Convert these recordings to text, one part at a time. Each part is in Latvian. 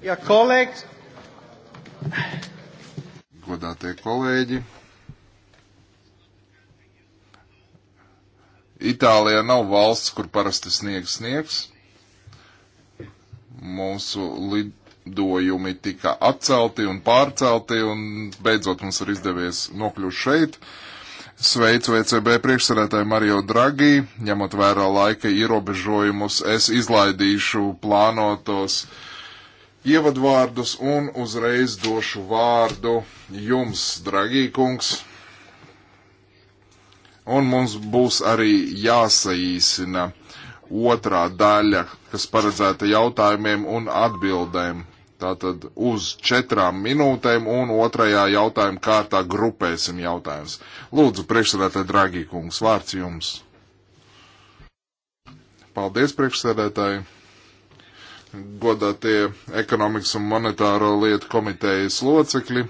Ja kolēģis. Godātie kolēģi. Itālijā nav valsts, kur parasti sniegs sniegs. Mūsu lidojumi tika atcelti un pārcelti, un beidzot mums ir izdevies nokļūt šeit. Sveicu ECB priekšsarētāju Mario Draghi, ņemot vērā laika ierobežojumus, es izlaidīšu plānotos uh, ievadvārdus un uzreiz došu vārdu jums, dragī kungs. Un mums būs arī jāsaīsina otrā daļa, kas paredzēta jautājumiem un atbildēm. Tātad uz četrām minūtēm un otrajā jautājuma kārtā grupēsim jautājumus. Lūdzu, priekšsēdētāji, dragī kungs, vārds jums. Paldies, priekšsēdētāji godātie ekonomikas un monetāro lietu komitejas locekļi,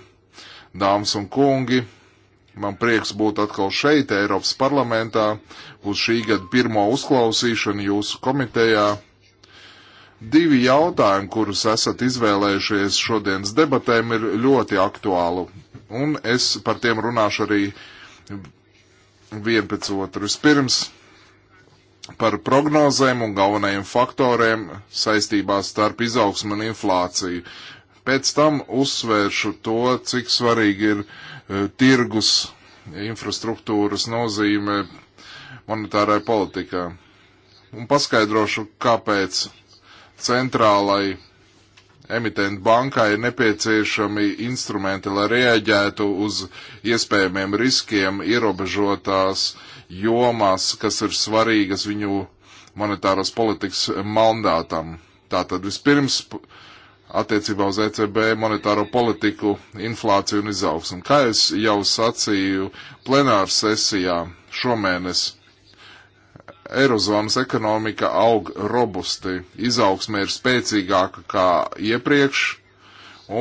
dāmas un kungi. Man prieks būt atkal šeit, Eiropas parlamentā, uz šī gada pirmo uzklausīšanu jūsu komitejā. Divi jautājumi, kurus esat izvēlējušies šodienas debatēm, ir ļoti aktuāli, un es par tiem runāšu arī vien pēc otru. Vispirms par prognozēm un galvenajiem faktoriem saistībās starp izaugsmu un inflāciju. Pēc tam uzsvēršu to, cik svarīgi ir uh, tirgus infrastruktūras nozīme monetārai politikā. Un paskaidrošu, kāpēc centrālai emitentu bankai ir nepieciešami instrumenti, lai rēģētu uz iespējamiem riskiem ierobežotās uh, jomās, kas ir svarīgas viņu monetāras politikas mandātam. Tātad vispirms attiecībā uz ECB monetāro politiku, inflāciju un izaugsmu. Kā es jau sacīju plenāru sesijā šomēnes, Eirozonas ekonomika aug robusti, izaugsme ir spēcīgāka kā iepriekš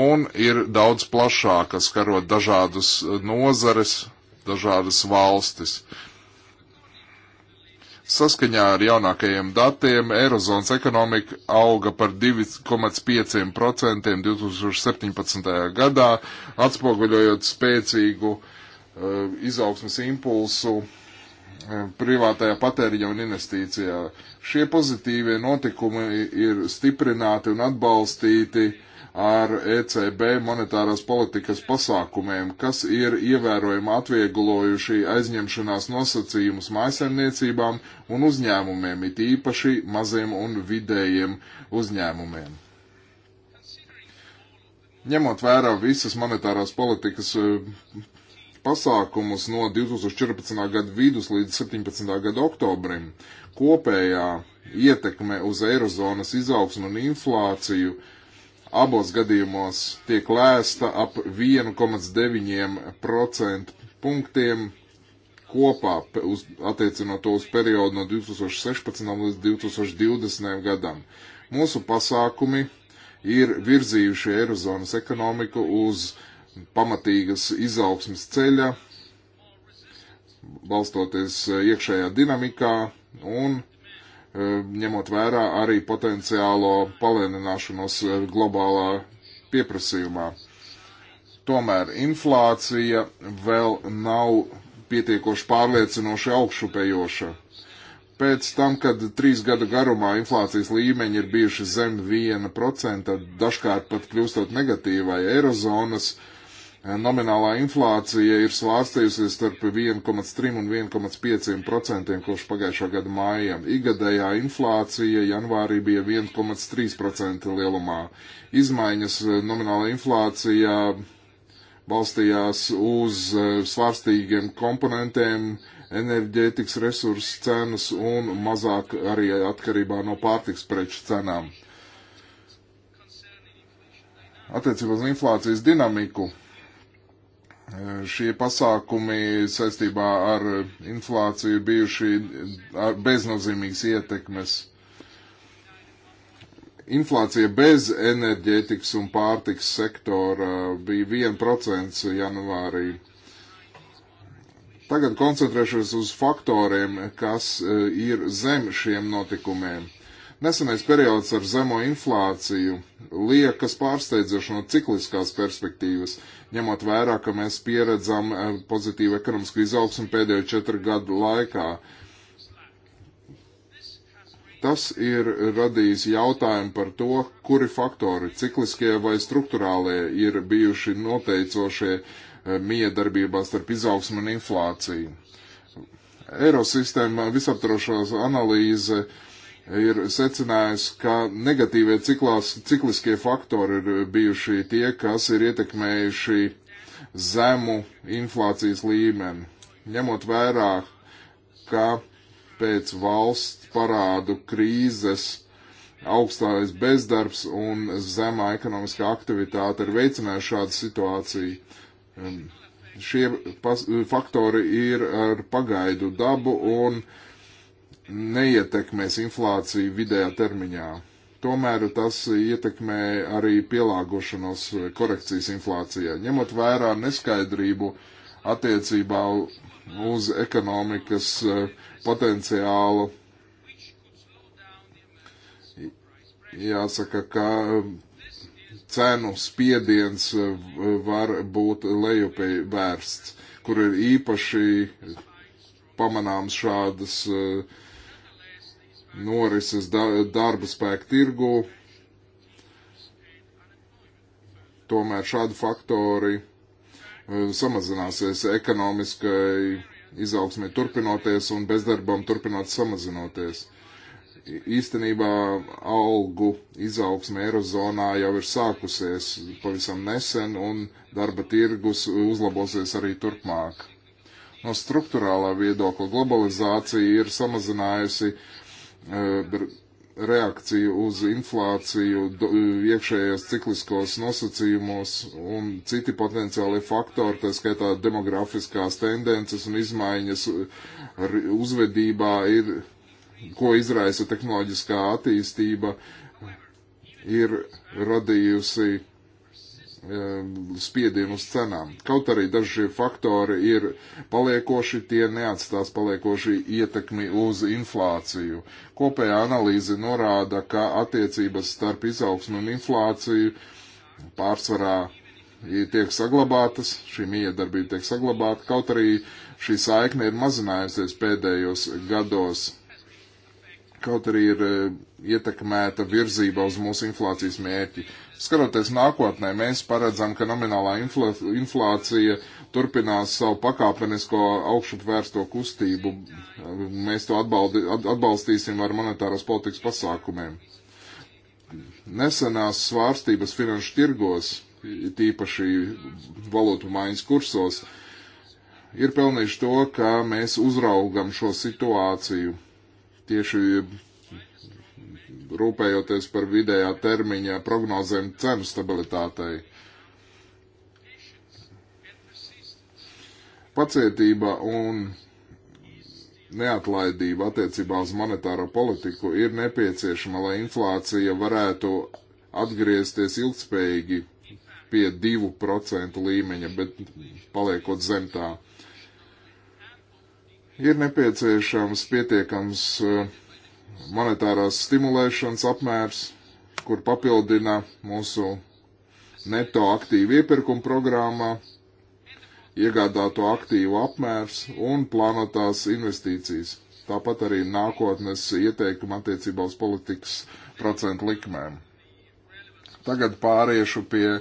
un ir daudz plašāka, skarot dažādas nozares, dažādas valstis. Saskaņā ar jaunākajiem datiem Eirozonas ekonomika auga par 2,5% 2017. gadā, atspoguļojot spēcīgu uh, eh, izaugsmas impulsu uh, privātajā patēriņa un investīcijā. Šie pozitīvie notikumi ir stiprināti un atbalstīti uh, ar ECB monetārās politikas pasākumiem, kas ir ievērojami atvieglojuši aizņemšanās nosacījumus mājasemniecībām un uzņēmumiem, it īpaši maziem un vidējiem uzņēmumiem. Ņemot vērā visas monetārās politikas eh, pasākumus no 2014. gada vidus līdz 17. gada oktobrim, kopējā ietekme uz eirozonas izaugsmu un inflāciju uh, abos gadījumos tiek lēsta ap 1,9% punktiem kopā, uz, attiecinot to uz periodu no 2016. līdz 2020. gadam. Mūsu pasākumi ir virzījuši Eirozonas ekonomiku uz pamatīgas izaugsmas ceļa, balstoties eh, iekšējā dinamikā un E, ņemot vērā arī potenciālo palēnināšanos e, globālā pieprasījumā. Tomēr inflācija vēl nav pietiekoši pārliecinoši augšupējoša. Pēc tam, kad trīs gadu garumā inflācijas līmeņi ir bijuši zem 1%, dažkārt pat kļūstot negatīvai, Eirozonas uh, nominālā inflācija ir svārstījusies starp 1,3 un 1,5 procentiem kopš pagājušā gada mājiem. Igadējā inflācija janvārī bija 1,3 procenta lielumā. Izmaiņas eh, nominālā inflācijā balstījās uz eh, svārstīgiem komponentiem, enerģētikas resursu cenas un mazāk arī atkarībā no pārtiks preču cenām. Attiecībā uz inflācijas dinamiku šie pasākumi saistībā ar inflāciju bijuši beznozīmīgas ietekmes. Inflācija bez enerģētikas un pārtiks sektora bija 1% janvārī. Tagad koncentrēšos uz faktoriem, kas e, ir zem šiem notikumiem. Nesenais periods ar zemo inflāciju liekas pārsteidzoši no cikliskās perspektīvas. Uh, ņemot vērā, ka mēs pieredzam pozitīvu ekonomisku izaugsmu pēdējo četru gadu laikā. Tas ir radījis jautājumu par to, kuri faktori, cikliskie vai struktūrālie, ir bijuši noteicošie eh, miedarbībā starp izaugsmu un inflāciju. Eirosistēma visaptarošās analīze uh, ir secinājis, ka negatīvie ciklās, cikliskie faktori ir bijuši tie, kas ir ietekmējuši zemu inflācijas līmeni. Ņemot vērā, ka pēc valsts parādu krīzes augstākais bezdarbs un zemā ekonomiskā aktivitāte ir veicinājuši šādu situāciju. Um, šie faktori ir ar pagaidu dabu un uh, neietekmēs inflāciju vidējā termiņā. Tomēr tas ietekmē arī pielāgošanos korekcijas inflācijai. Ņemot vērā neskaidrību attiecībā uz ekonomikas eh, potenciālu, jāsaka, ka eh, cenu spiediens eh, var būt lejupēji vērsts, kur ir īpaši pamanāms šādas uh, norises darba spēku tirgu. Tomēr šādi faktori eh, samazināsies ekonomiskai izaugsmē turpinoties un bezdarbam turpināt samazinoties. Īstenībā algu izaugsme Eirozonā jau ir sākusies pavisam nesen un darba tirgus uzlabosies arī turpmāk. No struktūrālā viedokļa globalizācija ir samazinājusi uh, reakciju uz inflāciju, iekšējos cikliskos nosacījumos un citi potenciāli faktori, tā skaitā demografiskās tendences un izmaiņas uzvedībā, ir, ko izraisa tehnoloģiskā attīstība, ir radījusi Um, spiedienu uz cenām. Kaut arī daži faktori ir paliekoši, tie neatstās paliekoši ietekmi uz inflāciju. Kopējā analīze norāda, ka attiecības starp izaugsmu un inflāciju pārsvarā tiek saglabātas, šī miedarbība tiek saglabāta, kaut arī šī saikne ir mazinājusies pēdējos gados. Kaut arī ir e, ietekmēta virzība uz mūsu inflācijas mērķi. Uh, Skatoties nākotnē, mēs paredzam, ka nominālā inflācija turpinās savu pakāpenisko augšup vērsto kustību. Mēs to atbaldi, atbalstīsim ar monetāras politikas pasākumiem. Nesenās svārstības finanšu tirgos, tīpaši valūtu maiņas kursos, ir pelnījuši to, ka mēs uzraugam šo situāciju tieši rūpējoties par vidējā termiņa prognozēm cenu stabilitātei. Pacietība un neatlaidība attiecībā uz monetāro politiku ir nepieciešama, lai inflācija varētu atgriezties ilgspējīgi pie 2% līmeņa, bet paliekot zem tā. Ir nepieciešams pietiekams uh, monetārās stimulēšanas apmērs, kur papildina mūsu neto aktīvu iepirkumu programmā, iegādāto aktīvu apmērs un plānotās investīcijas. Tāpat arī nākotnes ieteikumi attiecībā uz politikas procentu likmēm. Tagad pāriešu pie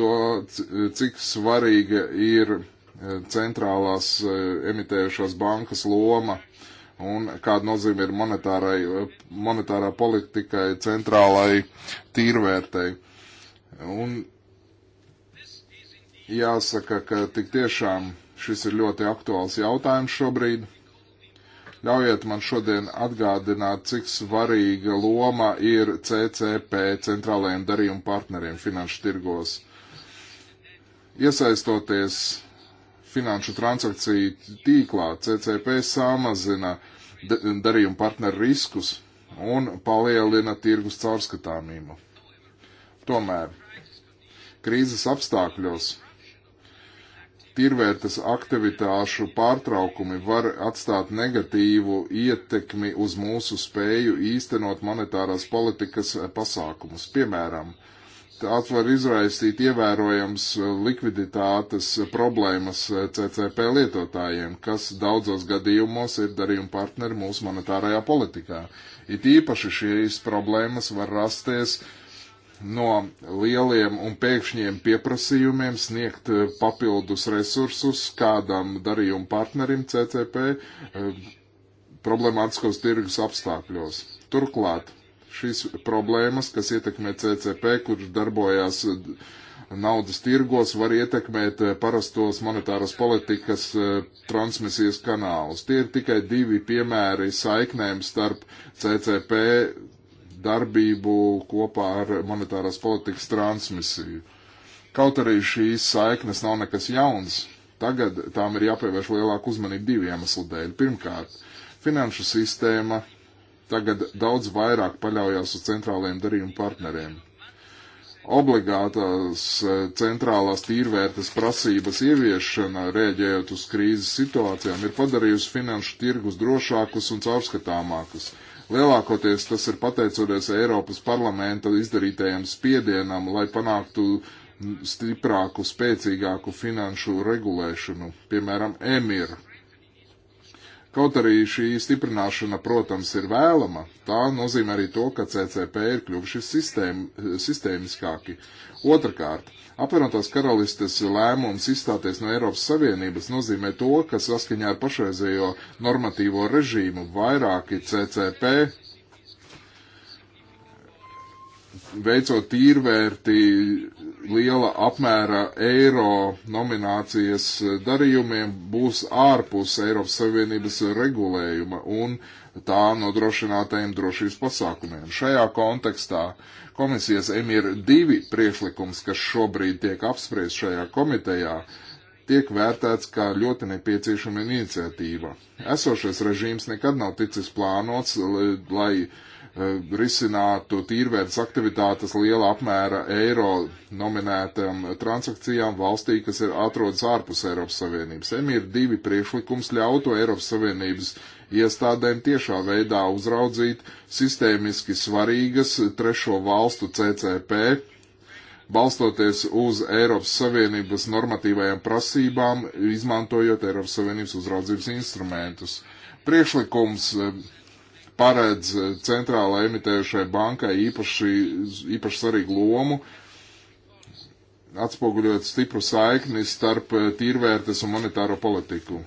to, cik svarīga ir eh, centrālās eh, emitējušās bankas loma uh, un kāda nozīme ir monetārai, monetārā politikai, centrālai tīrvērtei. Un jāsaka, ka tik tiešām šis ir ļoti aktuāls jautājums šobrīd. Ļaujiet man šodien atgādināt, cik svarīga loma ir CCP centrālajiem darījumu partneriem finanšu tirgos. Iesaistoties finanšu transakciju tīklā CCP samazina darījumu partneru riskus un palielina tirgus caurskatāmību. Tomēr krīzes apstākļos tirvērtas aktivitāšu pārtraukumi var atstāt negatīvu ietekmi uz mūsu spēju īstenot monetārās politikas pasākumus. Piemēram, tās var izraisīt ievērojams eh, likviditātes problēmas eh, CCP lietotājiem, kas daudzos gadījumos ir darījuma partneri mūsu monetārajā politikā. It īpaši šīs problēmas var rasties no lieliem un pēkšņiem pieprasījumiem sniegt eh, papildus resursus kādam darījuma partnerim CCP problemātiskos tirgus apstākļos. Turklāt šīs problēmas, kas ietekmē CCP, kurš darbojās naudas tirgos, var ietekmēt eh, parastos monetāras politikas eh, transmisijas kanālus. Tie ir tikai divi piemēri saiknēm starp CCP darbību kopā ar monetāras politikas transmisiju. Kaut arī šīs saiknes nav nekas jauns, tagad tām ir jāpievērš lielāka uzmanība divu iemeslu dēļ. Pirmkārt, finanšu sistēma tagad daudz vairāk paļaujas uz centrāliem darījumu partneriem. Obligātās eh, centrālās tīrvērtas prasības ieviešana, rēģējot uz krīzes situācijām, ir padarījusi finanšu tirgus drošākus un caurskatāmākus. Lielākoties tas ir pateicoties Eiropas parlamenta izdarītajam spiedienam, lai panāktu stiprāku, spēcīgāku finanšu regulēšanu, piemēram, emīru Kaut arī šī stiprināšana, protams, ir vēlama, tā nozīmē arī to, ka CCP ir kļuvuši sistēm, sistēmiskāki. Otrakārt, apvienotās karalistes lēmums izstāties no Eiropas Savienības nozīmē to, ka saskaņā ar pašreizējo normatīvo režīmu vairāki CCP veicot tīrvērtī liela apmēra eiro nominācijas darījumiem būs ārpus Eiropas Savienības regulējuma un tā nodrošinātajiem drošības pasākumiem. Šajā kontekstā komisijas emir divi priekšlikums, kas šobrīd tiek apspriest šajā komitejā, tiek vērtēts kā ļoti nepieciešama iniciatīva. Esošais režīms nekad nav ticis plānots, lai Eh, risinātu tīrvērtas aktivitātes liela apmēra eiro nominētām transakcijām valstī, kas ir atrodas ārpus Eiropas Savienības. Emir divi priekšlikums ļautu Eiropas Savienības iestādēm tiešā veidā uzraudzīt sistēmiski svarīgas trešo valstu CCP, balstoties uz Eiropas Savienības normatīvajām prasībām, izmantojot Eiropas Savienības uzraudzības instrumentus. Priekšlikums eh, paredz eh, centrālai emitējušai bankai īpaši, īpaši svarīgu lomu, atspoguļot stipru saikni starp eh, tīrvērtes un monetāro politiku.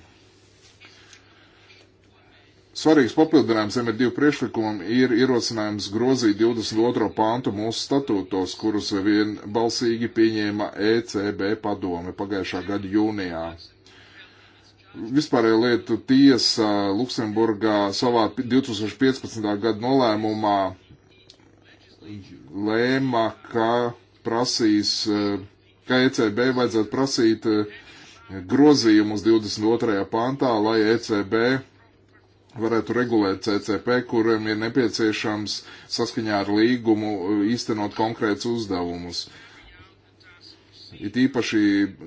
Svarīgs papildinājums MR2 priekšlikumam ir ierosinājums grozīt 22. pantu mūsu statūtos, kurus vienbalsīgi pieņēma ECB padome pagājušā gada jūnijā. Vispārējo lietu tiesa Luksemburgā savā 2015. gada nolēmumā lēma, ka prasīs, eh, ka ECB vajadzētu prasīt eh, grozījumus 22. pantā, lai ECB varētu regulēt CCP, kuriem ir nepieciešams saskaņā ar līgumu eh, īstenot konkrēts uzdevumus. Uh, It īpaši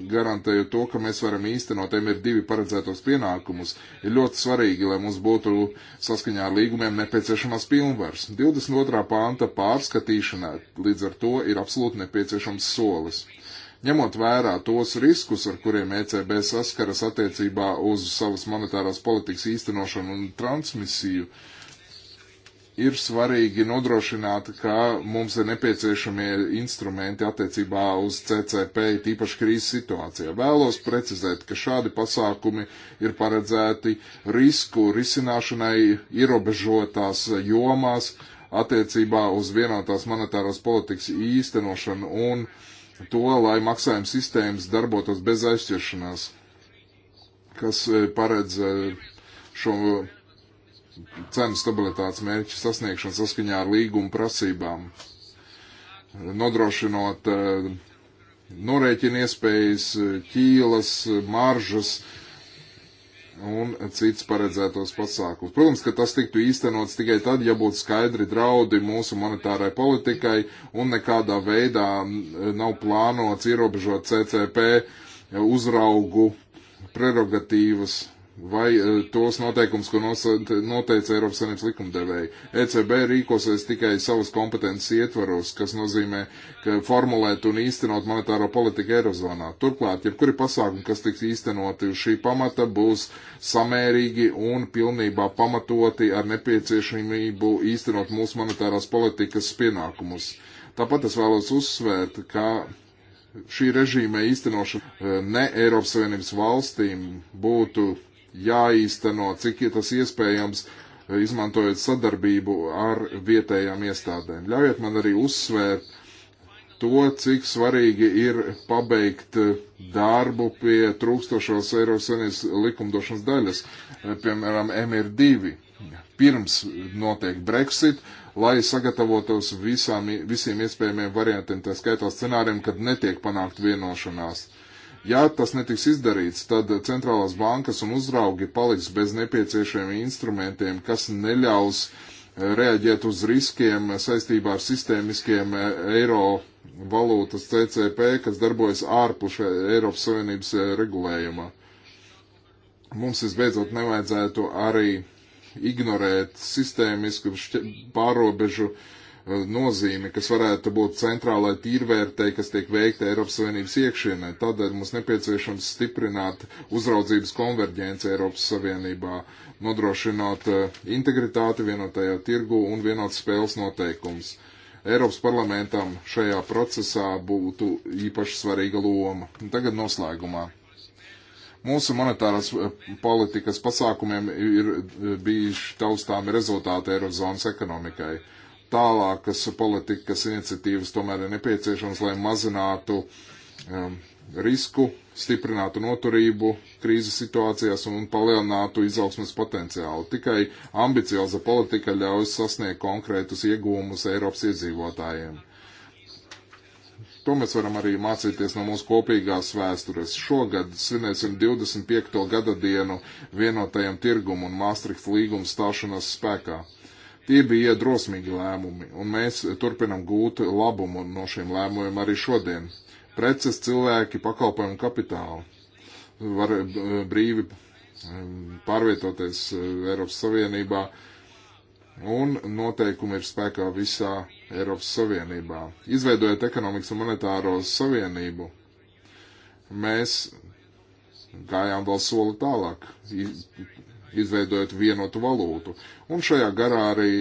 garantēju to, ka mēs varam īstenot MR2 paredzētos pienākumus. Ir ļoti svarīgi, lai mums būtu saskaņā ar līgumiem nepieciešamās pilnvars. 22. pānta pārskatīšanā līdz ar to ir absolūti nepieciešams solis. Ņemot vērā tos riskus, ar kuriem ECB saskaras attiecībā uz savas monetārās politikas īstenošanu un transmisiju, uh, ir svarīgi nodrošināt, ka mums ir nepieciešamie instrumenti attiecībā uz CCP, tīpaši krīzes situācijā. Vēlos precizēt, ka šādi pasākumi ir paredzēti risku risināšanai ierobežotās jomās attiecībā uz vienotās monetāras politikas īstenošanu un to, lai maksājuma sistēmas darbotos bez aizķeršanās, kas eh, paredz eh, šo cenu stabilitātes mērķu sasniegšanu saskaņā ar līguma prasībām, nodrošinot eh, norēķinu iespējas, eh, ķīlas, eh, maržas un cits paredzētos pasākums. Protams, ka tas tiktu īstenots tikai tad, ja būtu skaidri draudi mūsu monetārai politikai un nekādā veidā nav plānots ierobežot CCP uzraugu prerogatīvas vai e, tos noteikumus, ko noteica Eiropas Savienības likumdevēja. ECB rīkosies tikai savas kompetences ietvaros, kas nozīmē, ka formulēt un īstenot monetāro politiku Eirozonā. Turklāt, jebkuri pasākumi, kas tiks īstenoti uz šī pamata, būs samērīgi un pilnībā pamatoti ar nepieciešamību īstenot mūsu monetārās politikas pienākumus. Tāpat es vēlos uzsvērt, ka šī režīma īstenošana e, ne Eiropas Savienības valstīm būtu jāīsteno, cik tas iespējams, eh, izmantojot sadarbību ar vietējām iestādēm. Ļaujiet man arī uzsvērt to, cik svarīgi ir pabeigt eh, darbu pie trūkstošos Eiropas Savienības likumdošanas daļas, eh, piemēram, MR2, pirms notiek Brexit, lai sagatavotos visām, visiem iespējamiem variantiem, tā skaitā scenāriem, kad netiek panākt vienošanās. Ja tas netiks izdarīts, tad centrālās bankas un uzraugi paliks bez nepieciešamiem instrumentiem, kas neļaus eh, reaģēt uz riskiem saistībā ar sistēmiskiem eh, eiro valūtas CCP, kas darbojas ārpus eh, Eiropas Savienības regulējuma. Mums visbeidzot nevajadzētu arī ignorēt sistēmisku pārobežu uh, nozīmi, kas varētu būt centrālai tīrvērtei, kas tiek veikta Eiropas Savienības iekšienē. Tādēļ mums nepieciešams stiprināt uzraudzības konverģenci Eiropas Savienībā, nodrošināt eh, integritāti vienotajā tirgu un vienotas spēles noteikums. Eiropas parlamentam šajā procesā būtu īpaši svarīga loma. Tagad noslēgumā. Mūsu monetārās eh, politikas pasākumiem ir eh, bijuši taustāmi rezultāti Eirozonas ekonomikai tālākas politikas iniciatīvas tomēr ir nepieciešams, lai mazinātu um, risku, stiprinātu noturību krīzes situācijās un palielinātu izaugsmas potenciālu. Tikai ambicioza politika ļauj sasniegt konkrētus iegūmus Eiropas iedzīvotājiem. To mēs varam arī mācīties no mūsu kopīgās vēstures. Šogad svinēsim 25. gada dienu vienotajam tirgumu un Maastrichts līgums stāšanās spēkā. Tie bija drosmīgi lēmumi, un mēs turpinam gūt labumu no šiem lēmumiem arī šodien. Preces, cilvēki, pakalpojumi, kapitāli var eh, brīvi eh, pārvietoties eh, Eiropas Savienībā, un noteikumi ir spēkā visā Eiropas Savienībā. Izveidojot ekonomikas un monetāro savienību, mēs gājām vēl soli tālāk, izveidojot vienotu valūtu. Un šajā garā arī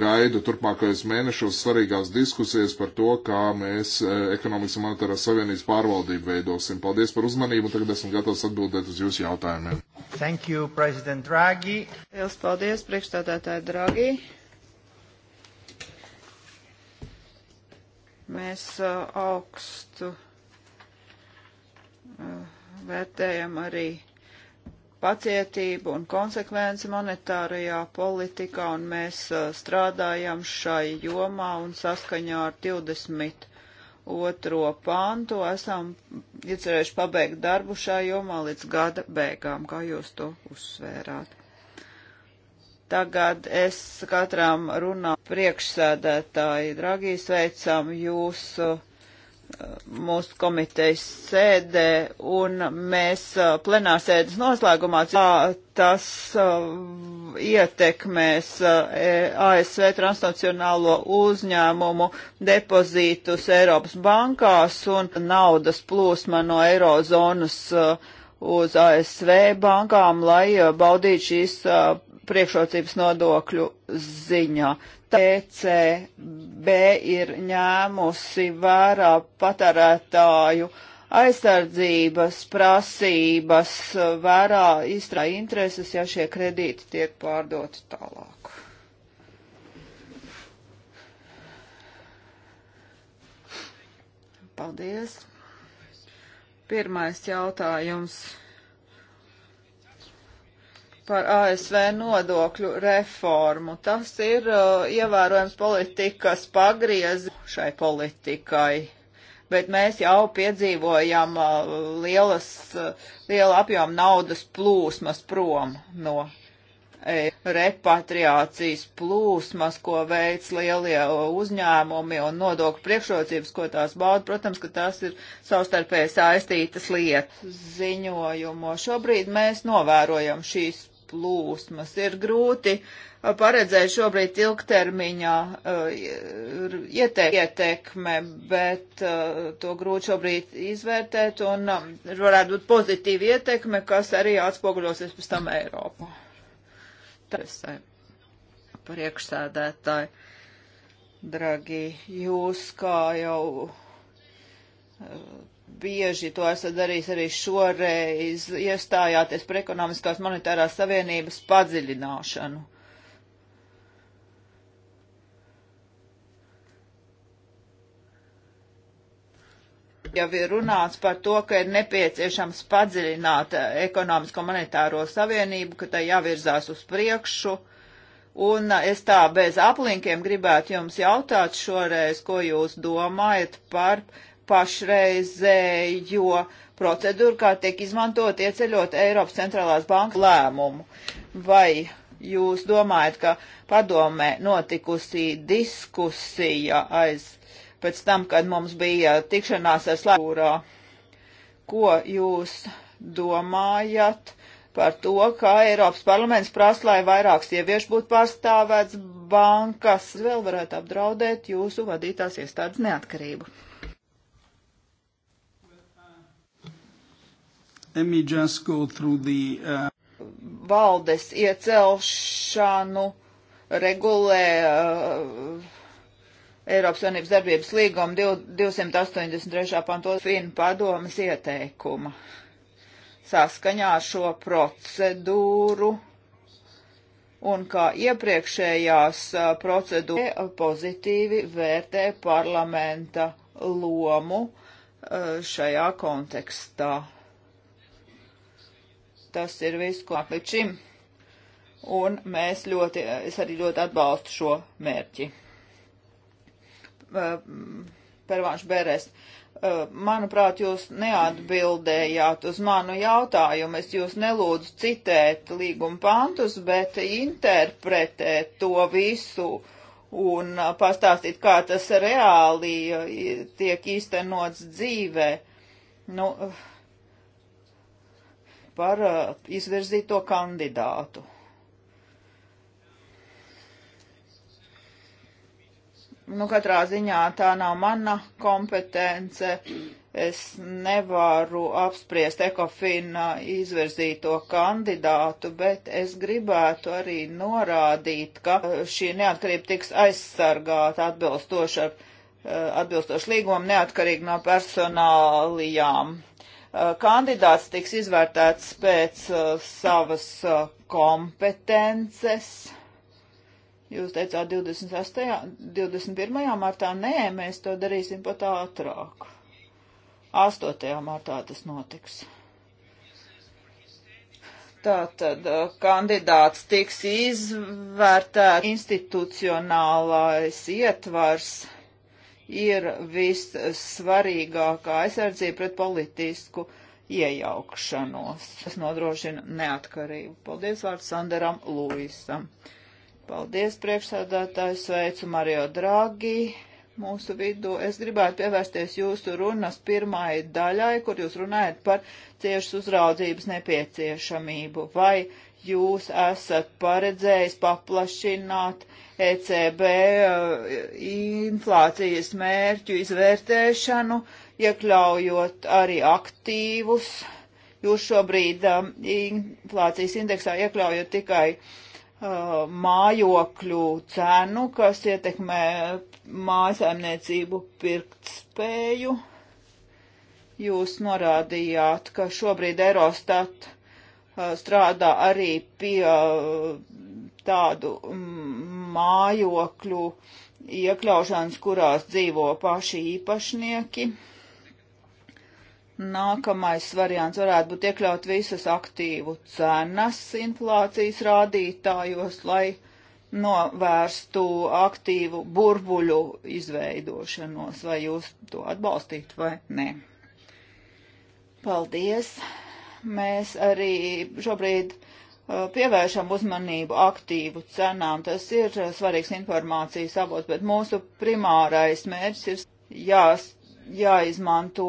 gaidu turpmākajos mēnešos svarīgās diskusijas par to, kā mēs eh, ekonomikas un monetārās savienības pārvaldību veidosim. Paldies par uzmanību, un tagad esmu gatavs atbildēt uz jūsu jautājumiem. Thank you, President Draghi. Liels paldies, priekšstādātāji Draghi. Mēs uh, augstu uh, vērtējam arī pacietību un konsekvenci monetārajā politikā, un mēs uh, strādājam šai jomā un saskaņā ar 20 otro pāntu esam iecerējuši pabeigt darbu šajā jomā līdz gada beigām, kā jūs to uzsvērāt. Tagad es katram runā priekšsēdētāji, dragī, sveicam jūsu mūsu komitejas sēdē, un mēs plenārsēdes noslēgumā tā, tas uh, ietekmēs uh, e, ASV transnacionālo uzņēmumu depozītus Eiropas bankās un naudas plūsma no Eirozonas uh, uz ASV bankām, lai baudītu šīs priekšrocības nodokļu ziņā. PCB e ir ņēmusi vērā patērētāju aizsardzības prasības, vērā īstrā intereses, ja šie kredīti tiek pārdoti tālāk. Paldies. Pirmais jautājums par ASV nodokļu reformu. Tas ir uh, ievērojams politikas pagriez šai politikai. Bet mēs jau piedzīvojam uh, lielas, uh, liela apjoma naudas plūsmas prom no e, repatriācijas plūsmas, ko veids lielie uh, uzņēmumi un nodokļu priekšrocības, ko tās bauda. Protams, ka tās ir savstarpēji saistītas lietas ziņojumu. Šobrīd mēs novērojam šīs plūsmas. Ir grūti uh, paredzēt šobrīd ilgtermiņā uh, ietekme, bet uh, to grūti šobrīd izvērtēt un um, varētu būt pozitīva ietekme, kas arī atspoguļosies pēc tam Eiropā. Tas ir eh, priekšsēdētāji. Dragi, jūs kā jau bieži to esat darījis arī šoreiz, iestājāties par ekonomiskās monetārās savienības padziļināšanu. Jau ir runāts par to, ka ir nepieciešams padziļināt ekonomisko monetāro savienību, ka tai jāvirzās uz priekšu. Un es tā bez aplinkiem gribētu jums jautāt šoreiz, ko jūs domājat par uh, pašreizējo procedūru, kā tiek izmantot ieceļot Eiropas centrālās bankas lēmumu. Vai jūs domājat, ka padomē notikusī diskusija aiz pēc tam, kad mums bija tikšanās ar slēgūrā, ko jūs domājat par to, ka Eiropas parlaments prasa, lai vairāk sieviešu būtu pārstāvēts bankas, vēl varētu apdraudēt jūsu vadītās iestādes neatkarību? Let me just go through the. Uh... Valdes iecelšanu regulē uh, Eiropas Savienības darbības līguma 283. pantu Finu padomas ieteikuma. Saskaņā ar šo procedūru un kā iepriekšējās uh, procedūras e, pozitīvi vērtē parlamenta lomu uh, šajā kontekstā. Tas ir viss, ko līdz šim. Un mēs ļoti, es arī ļoti atbalstu šo mērķi. Pervāns Bērēs, manuprāt, jūs neatbildējāt uz manu jautājumu. Es jūs nelūdzu citēt līguma pantus, bet interpretēt to visu un pastāstīt, kā tas reāli tiek īstenots dzīvē. Nu, uh, par uh, izvirzīto kandidātu. Nu, katrā ziņā tā nav mana kompetence. Es nevaru apspriest ekofina izvirzīto kandidātu, bet es gribētu arī norādīt, ka uh, šī neatkarība tiks aizsargāta atbilstoši, ar, uh, atbilstoši līgumam, neatkarīgi no personālijām. Uh, Eh, kandidāts tiks izvērtēts pēc eh, savas eh, kompetences. Jūs teicāt 28, 21. martā, nē, mēs to darīsim pat ātrāk. 8. martā tas notiks. Tātad kandidāts tiks izvērtēts institucionālais ietvars ir vissvarīgākā aizsardzība pret politisku iejaukšanos. Tas nodrošina neatkarību. Paldies vārds Sandaram Lūisam. Paldies priekšsādātāju sveicu Mario Draghi mūsu vidū. Es gribētu pievērsties jūsu runas pirmai daļai, kur jūs runājat par ciešas uzraudzības nepieciešamību. Vai jūs esat paredzējis paplašināt ECB uh, inflācijas mērķu izvērtēšanu, iekļaujot arī aktīvus. Jūs šobrīd um, inflācijas indeksā iekļaujat tikai uh, mājokļu cenu, kas ietekmē mājasaimniecību pirktspēju. Jūs norādījāt, ka šobrīd Eurostat uh, strādā arī pie uh, tādu um, mājokļu iekļaušanas, kurās dzīvo paši īpašnieki. Nākamais variants varētu būt iekļaut visas aktīvu cenas inflācijas rādītājos, lai novērstu aktīvu burbuļu izveidošanos. Vai jūs to atbalstītu vai nē? Paldies! Mēs arī šobrīd uh, Uh, pievēršam uzmanību aktīvu cenām. Tas ir uh, svarīgs informācijas avots, bet mūsu primārais mērķis ir jā, jāizmanto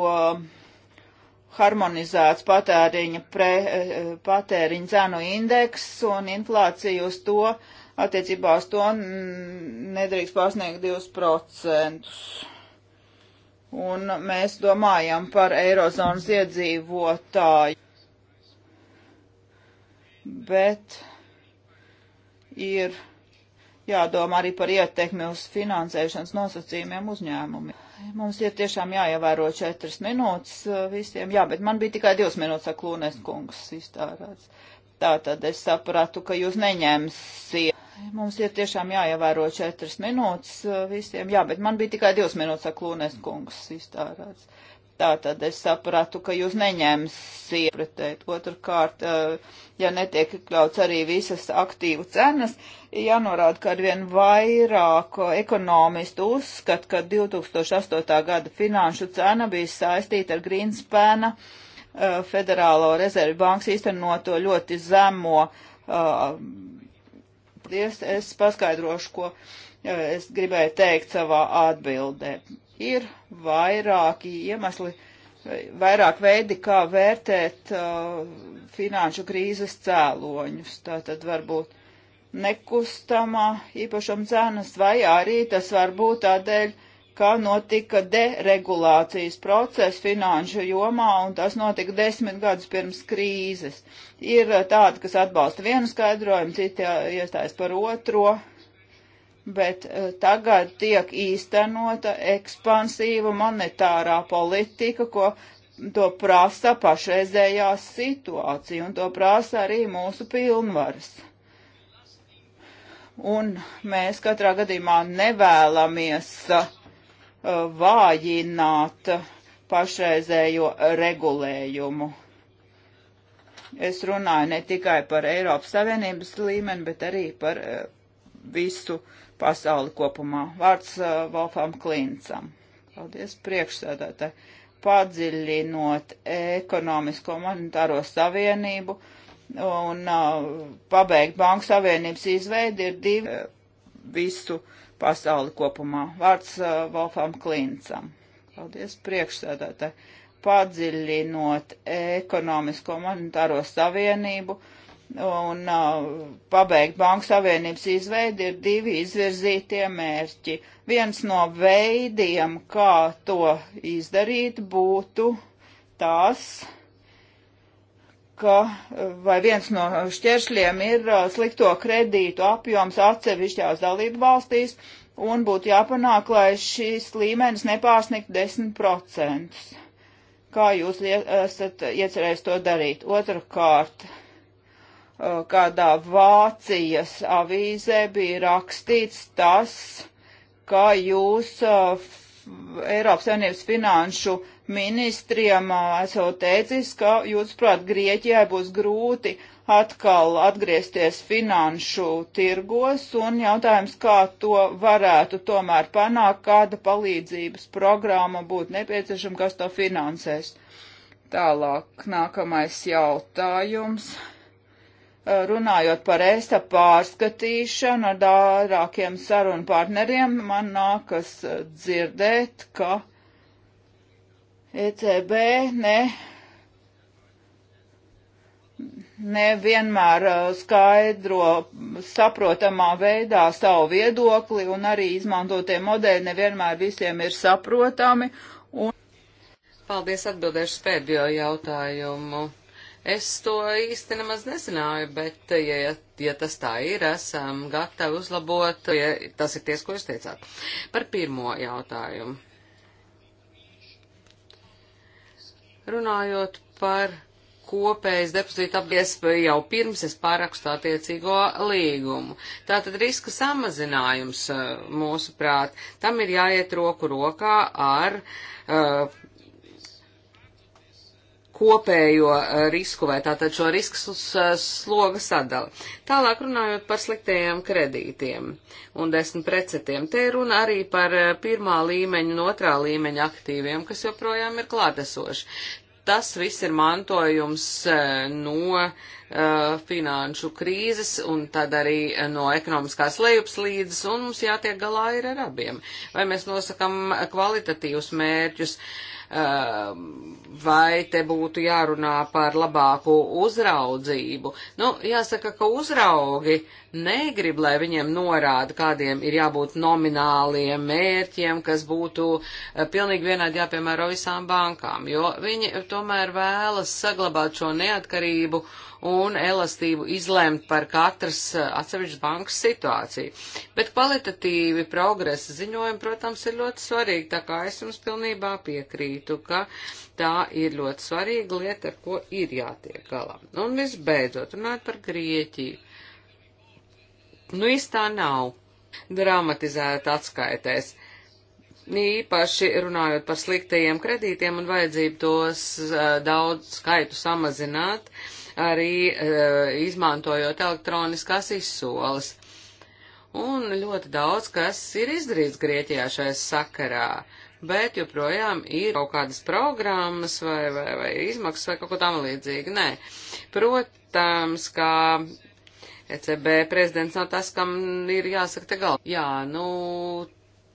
harmonizēts patēriņa, pre, uh, patēriņa cenu indeks un inflācija uz to attiecībā uz to nedrīkst pārsniegt 2%. Un mēs domājam par eirozonas iedzīvotāju bet ir jādomā arī par ietekmi uz finansēšanas nosacījumiem uzņēmumiem. Mums ir tiešām jāievēro četras minūtes uh, visiem. Jā, bet man bija tikai divas minūtes, saka Lūnes kungs iztērēts. Tātad es sapratu, ka jūs neņemsiet. Mums ir tiešām jāievēro četras minūtes uh, visiem. Jā, bet man bija tikai divas minūtes, saka Lūnes kungs iztērēts. Tā tad es sapratu, ka jūs neņemsiet pretēt. Otrkārt, eh, ja netiek iekļauts arī visas aktīvu cenas, jānorāda, ka arvien vairāk ekonomistu uzskat, ka 2008. gada finanšu cena bija saistīta ar Greenspēna eh, Federālo rezervi bankas īstenoto ļoti zemo. Eh, es, es paskaidrošu, ko es gribēju teikt savā atbildē. Ir vairāki iemesli, vairāk veidi, kā vērtēt uh, finanšu krīzes cēloņus. Tātad varbūt nekustamā īpašuma cenas, vai arī tas var būt tādēļ, ka notika deregulācijas process finanšu jomā, un tas notika desmit gadus pirms krīzes. Ir tādi, kas atbalsta vienu skaidrojumu, citi iestājas par otro bet e, tagad tiek īstenota ekspansīva monetārā politika, ko to prasa pašreizējā situācija, un to prasa arī mūsu pilnvaras. Un mēs katrā gadījumā nevēlamies e, vājināt pašreizējo regulējumu. Es runāju ne tikai par Eiropas Savienības līmeni, bet arī par e, visu pasauli kopumā. Vārds uh, Volfam Klincam. Paldies priekšsēdētāji. Padziļinot ekonomisko monetāro savienību un uh, pabeigt banku savienības izveidi ir divi uh, visu pasauli kopumā. Vārds uh, Volfam Klincam. Paldies priekšsēdētāji. Padziļinot ekonomisko monetāro savienību un uh, pabeigt Banku Savienības izveidi ir divi izvirzītie mērķi. Viens no veidiem, kā to izdarīt, būtu tas, ka, uh, vai viens no šķēršļiem ir uh, slikto kredītu apjoms atsevišķās dalību valstīs, un būtu jāpanāk, lai šis līmenis nepārsniegtu 10%. Kā jūs esat iecerējis to darīt? Otrakārt, uh, Eh, kādā Vācijas avīzē bija rakstīts tas, ka jūs eh, Eiropas Savienības finanšu ministriem eh, esot teicis, ka jūs, prāt, Grieķijai būs grūti atkal atgriezties finanšu tirgos, un jautājums, kā to varētu tomēr panākt, kāda palīdzības programma būtu nepieciešama, kas to finansēs. Tālāk, nākamais jautājums runājot par ēsta pārskatīšanu ar dārākiem sarunu partneriem, man nākas eh, dzirdēt, ka ECB ne, nevienmēr eh, skaidro saprotamā veidā savu viedokli un arī izmantotie modeļi nevienmēr visiem ir saprotami. Un... Paldies atbildēšu pēdējo jautājumu. Es to īsti nemaz nezināju, bet, eh, ja, ja tas tā ir, esam gatavi uzlabot, eh, ja tas ir ties, ko jūs teicāt. Par pirmo jautājumu. Runājot par kopējas depozīta apgies jau pirms es pārakstu attiecīgo līgumu. Tātad riska samazinājums, eh, mūsuprāt, tam ir jāiet roku rokā ar uh, kopējo eh, risku vai tātad šo risku eh, sloga sadali. Tālāk runājot par sliktajiem kredītiem un desmit precetiem, te runa arī par eh, pirmā līmeņa un otrā līmeņa aktīviem, kas joprojām ir klātesoši. Tas viss ir mantojums no uh, finanšu krīzes un tad arī no ekonomiskās lejupslīdes, un mums jātiek galā ir ar abiem. Vai mēs nosakam kvalitatīvus mērķus? Uh, Ehm, vai te būtu jārunā par labāku uzraudzību. Nu, jāsaka, ka uzraugi negrib, lai viņiem norāda, kādiem ir jābūt nomināliem mērķiem, kas būtu eh, pilnīgi vienādi jāpiemēro visām bankām, jo viņi tomēr vēlas saglabāt šo neatkarību un elastību izlemt par katras eh, atsevišķas bankas situāciju. Bet kvalitatīvi progresa ziņojumi, protams, ir ļoti svarīgi, tā kā es jums pilnībā piekrītu, ka tā ir ļoti svarīga lieta, ar ko ir jātiek galā. Un visbeidzot, runāt par Grieķiju. Nu, īstā nav dramatizēta atskaitēs īpaši runājot par sliktajiem kredītiem un vajadzību tos uh, daudz skaitu samazināt. Uh, arī uh, izmantojot elektroniskās izsoles. Un ļoti daudz, kas ir izdarīts Grieķijā šajā sakarā, bet joprojām ir kaut kādas programmas vai, vai, vai izmaksas vai kaut ko tam līdzīgu. Nē, protams, kā ECB prezidents nav tas, kam ir jāsaka te galva. Jā, nu,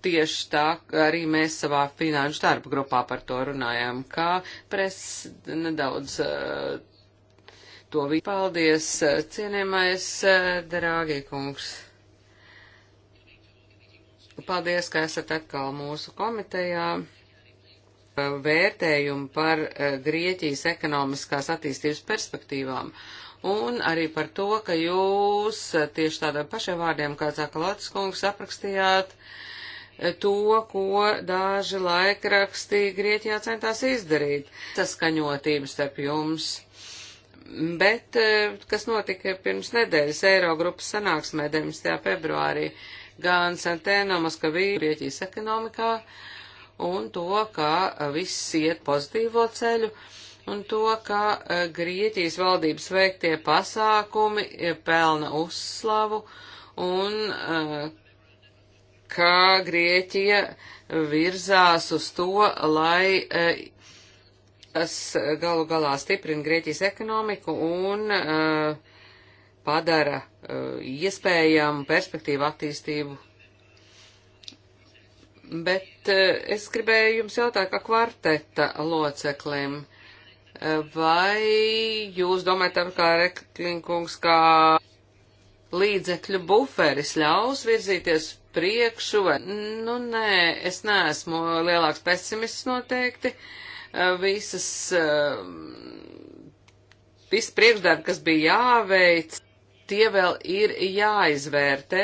tieši tā arī mēs savā finanšu darba grupā par to runājām, kā pres nedaudz uh, to visu. Paldies, eh, cienījamais eh, Drāgī kungs. Paldies, ka esat atkal mūsu komitejā eh, vērtējumu par Grieķijas ekonomiskās attīstības perspektīvām. Un arī par to, ka jūs tieši tādiem pašiem vārdiem, kā Zakalotis kungs, aprakstījāt to, ko daži laikrakstī Grieķijā centās izdarīt. Tas kaņotības starp jums Bet, eh, kas notika pirms nedēļas Eirogrupas sanāksmē 19. februārī, gan Santēno Moskavīju Grieķijas ekonomikā un to, ka eh, viss iet pozitīvo ceļu un to, ka eh, Grieķijas valdības veiktie pasākumi pelna uzslavu un ka Grieķija virzās uz to, lai kas eh, galu galā stiprina Grieķijas ekonomiku un uh, padara uh, iespējamu perspektīvu attīstību. Bet uh, es gribēju jums jautāt, kā kvarteta loceklim, vai jūs domājat, kā Reklinkungs, kā līdzekļu buferis ļaus virzīties priekšu, vai, nu nē, es neesmu lielāks pesimists noteikti, uh, Eh, visas, eh, visas priekšdarbi, kas bija jāveic, tie vēl ir jāizvērtē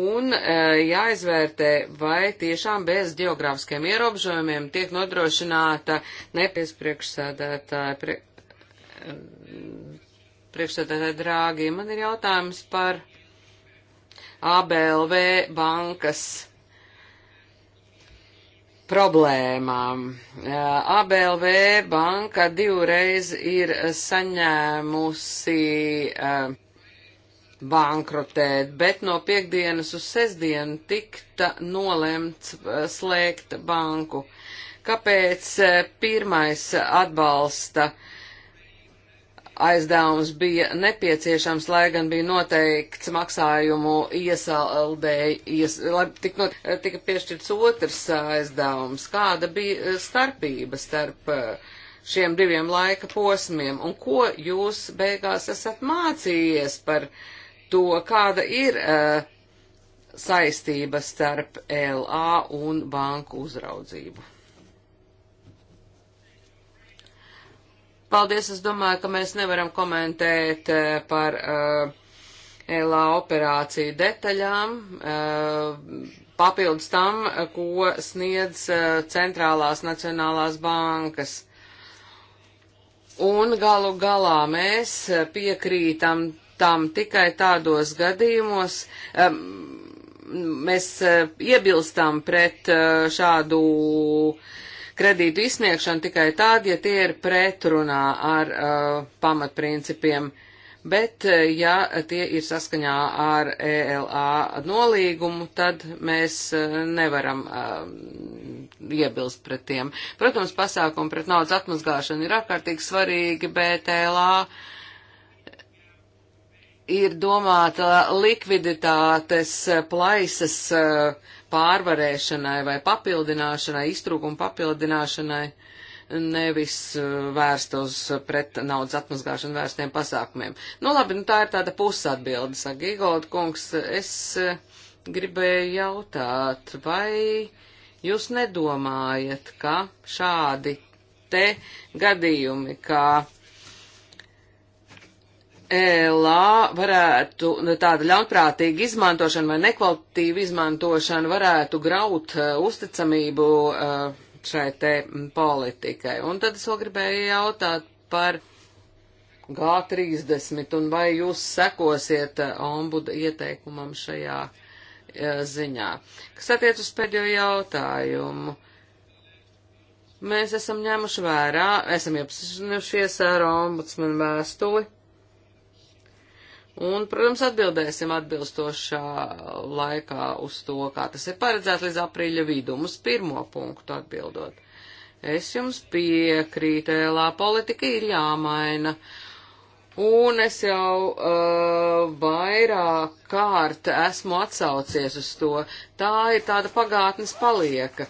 un eh, jāizvērtē, vai tiešām bez geogrāfiskiem ierobežojumiem tiek nodrošināta nepies priekšsēdētāja. Prie, priekšsēdētāja drāgi, man ir jautājums par ABLV bankas problēmām. Eh, ABLV banka divreiz ir saņēmusi eh, bankrotēt, bet no piekdienas uz sestdienu tikta nolemts eh, slēgt banku. Kāpēc pirmais atbalsta uh, aizdevums bija nepieciešams, lai gan bija noteikts maksājumu iesaldēji, ies, lai tik not, tika piešķirts otrs aizdevums. Kāda bija starpība starp eh, šiem diviem laika posmiem un ko jūs beigās esat mācījies par to, kāda ir uh, saistība starp LA un banku uzraudzību? Paldies, es domāju, ka mēs nevaram komentēt eh, par uh, ELA operāciju detaļām. Uh, papildus tam, ko sniedz uh, centrālās nacionālās bankas. Un galu galā mēs piekrītam tam tikai tādos gadījumos, um, mēs iebilstam pret šādu kredītu izsniegšanu tikai tad, ja tie ir pretrunā ar uh, pamatprincipiem, bet uh, ja tie ir saskaņā ar ELA nolīgumu, tad mēs uh, nevaram uh, iebilst pret tiem. Protams, pasākumi pret naudas atmazgāšanu ir ārkārtīgi svarīgi, bet ELA ir domāta likviditātes plaisas uh, pārvarēšanai vai papildināšanai, iztrūkuma papildināšanai, nevis eh, vērsta uz pret naudas atmazgāšanu vērstiem pasākumiem. Nu labi, nu tā ir tāda pusatbilde, saka Igolda kungs. Es eh, gribēju jautāt, vai jūs nedomājat, ka šādi te gadījumi, kā ELA varētu tāda ļaunprātīga izmantošana vai nekvalitīva izmantošana varētu graut uh, uzticamību uh, šai te politikai. Un tad es vēl gribēju jautāt par G30 un vai jūs sekosiet uh, ombuda ieteikumam šajā ziņā. Kas attiec uz pēdējo jautājumu? Mēs esam ņēmuši vērā, esam iepazinušies ar ombudsmanu vēstuli Un, protams, atbildēsim atbilstošā laikā uz to, kā tas ir paredzēts līdz aprīļa vidum, uz pirmo punktu atbildot. Es jums piekrītu, ēlā politika ir jāmaina. Un es jau uh, vairāk kārt esmu atsaucies uz to. Tā ir tāda pagātnes palieka.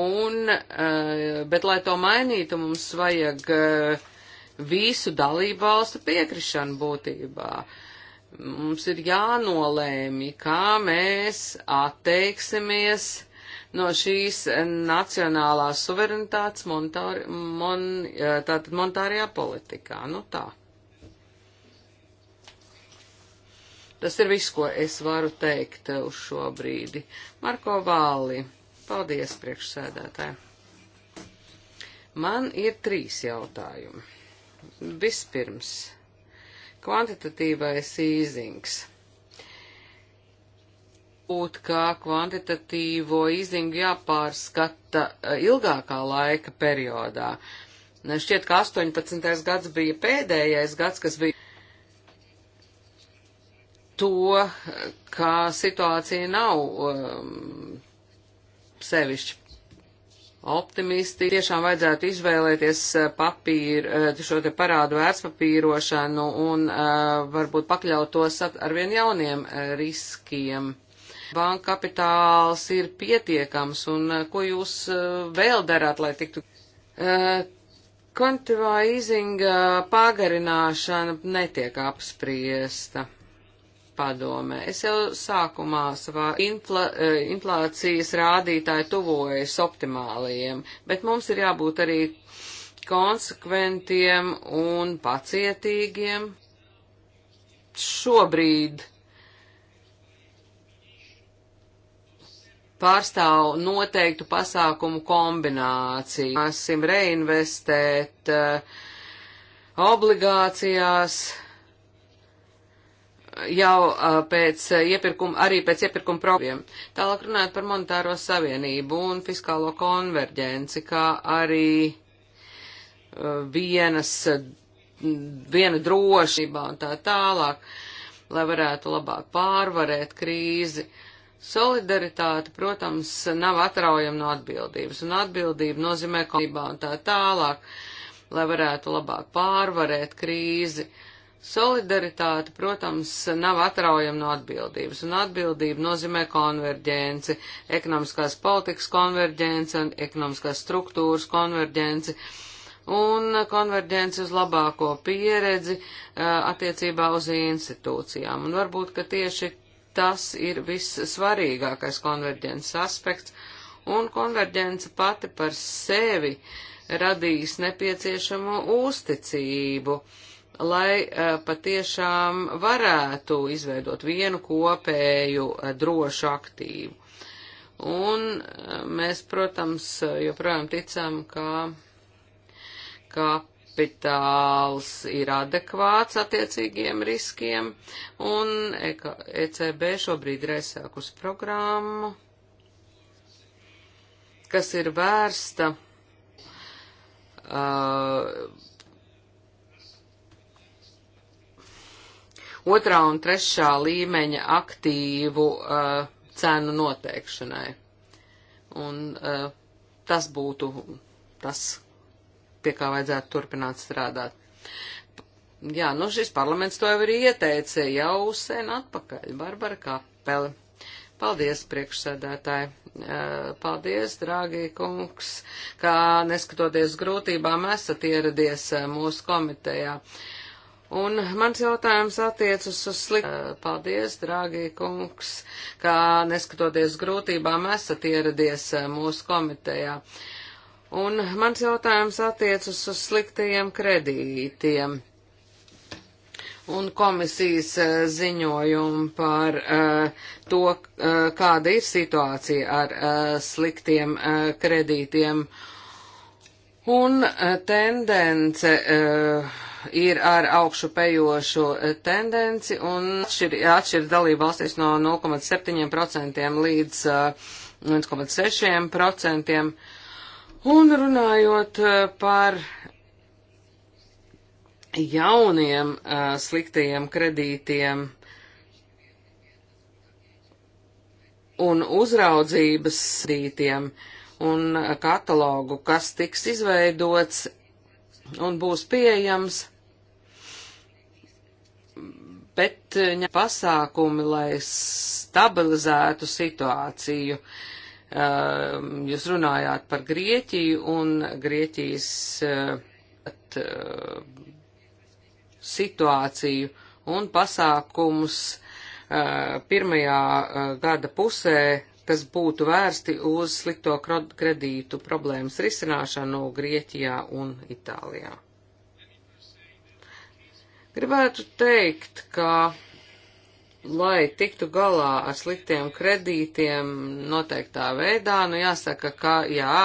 Un, uh, bet, lai to mainītu, mums vajag uh, visu dalību valstu piekrišanu būtībā. Uh, Mums ir jānolēmi, kā mēs atteiksimies no šīs nacionālās suverenitātes monetāri, mon, eh, tātad monetārajā politikā. Nu tā. Tas ir viss, ko es varu teikt eh, uz šo brīdi. Marko Vāli, paldies priekšsēdētāji. Man ir trīs jautājumi. Vispirms Kvantitatīvais īzings. Būt kā kvantitatīvo īzingu jāpārskata eh, ilgākā laika periodā. Šķiet, ka 18. gads bija pēdējais gads, kas bija to, eh, ka situācija nav um, sevišķi optimisti. Tiešām vajadzētu izvēlēties eh, papīru, eh, šo te parādu vērtspapīrošanu un eh, varbūt pakļaut tos arvien jauniem riskiem. Banka kapitāls ir pietiekams un ko jūs vēl darāt, lai tiktu? Kvantivā izinga pagarināšana netiek apspriesta padomē. Es jau sākumā savā infla, eh, inflācijas rādītāju tuvojas optimālajiem, bet mums ir jābūt arī konsekventiem un pacietīgiem. Šobrīd pārstāv noteiktu pasākumu kombināciju. Māsim reinvestēt eh, obligācijās, jau pēc iepirkuma, arī pēc iepirkuma problēmiem. Tālāk runājot par monetāro savienību un fiskālo konverģenci, kā arī vienas, viena drošībā un tā tālāk, lai varētu labāk pārvarēt krīzi. Solidaritāte, protams, nav atraujama no atbildības, un atbildība nozīmē kolībā un tā tālāk, lai varētu labāk pārvarēt krīzi. Uh, Solidaritāte, protams, nav atraujama no atbildības, un atbildība nozīmē konverģenci, ekonomiskās politikas konverģenci un ekonomiskās struktūras konverģenci un konverģenci uz labāko pieredzi eh, attiecībā uz institūcijām. Un varbūt, ka tieši tas ir vissvarīgākais konverģences aspekts, un konverģence pati par sevi radīs nepieciešamo uzticību. Uh, lai e, patiešām varētu izveidot vienu kopēju e, drošu aktīvu. Un e, mēs, protams, joprojām ticam, ka kapitāls ir adekvāts attiecīgiem riskiem, un ECB šobrīd ir aizsākusi programmu, kas ir vērsta uh, otrā un trešā līmeņa aktīvu uh, cenu noteikšanai. Un uh, tas būtu tas, pie kā vajadzētu turpināt strādāt. Jā, nu šis parlaments to jau ir ieteicis jau sen atpakaļ. Barbara Kapele. Paldies, priekšsēdētāji. Uh, paldies, drāgie kungs, kā neskatoties grūtībām esat ieradies uh, mūsu komitejā. Uh, Un mans jautājums attiecas uz sliktu. Eh, paldies, drāgie kungs, kā neskatoties grūtībām esat ieradies eh, mūsu komitejā. Un mans jautājums attiecas uz sliktajiem kredītiem. Un komisijas eh, ziņojumu par uh, to, kāda ir situācija ar uh, sliktiem uh, kredītiem un tendence. Uh, ir ar augšu pejošu eh, tendenci un atšķir, atšķir dalību valstīs no 0,7% līdz uh, eh, 1,6%. Un runājot eh, par jauniem uh, sliktajiem kredītiem un uzraudzības dītiem, un katalogu, kas tiks izveidots, un būs pieejams, bet eh, ņem pasākumi, lai stabilizētu situāciju. Eh, jūs runājāt par Grieķiju un Grieķijas eh, situāciju un pasākumus pirmajā gada pusē kas būtu vērsti uz slikto kredītu problēmas risināšanu Grieķijā un Itālijā. Gribētu teikt, ka, lai tiktu galā ar sliktiem kredītiem noteiktā veidā, nu jāsaka, ka jā,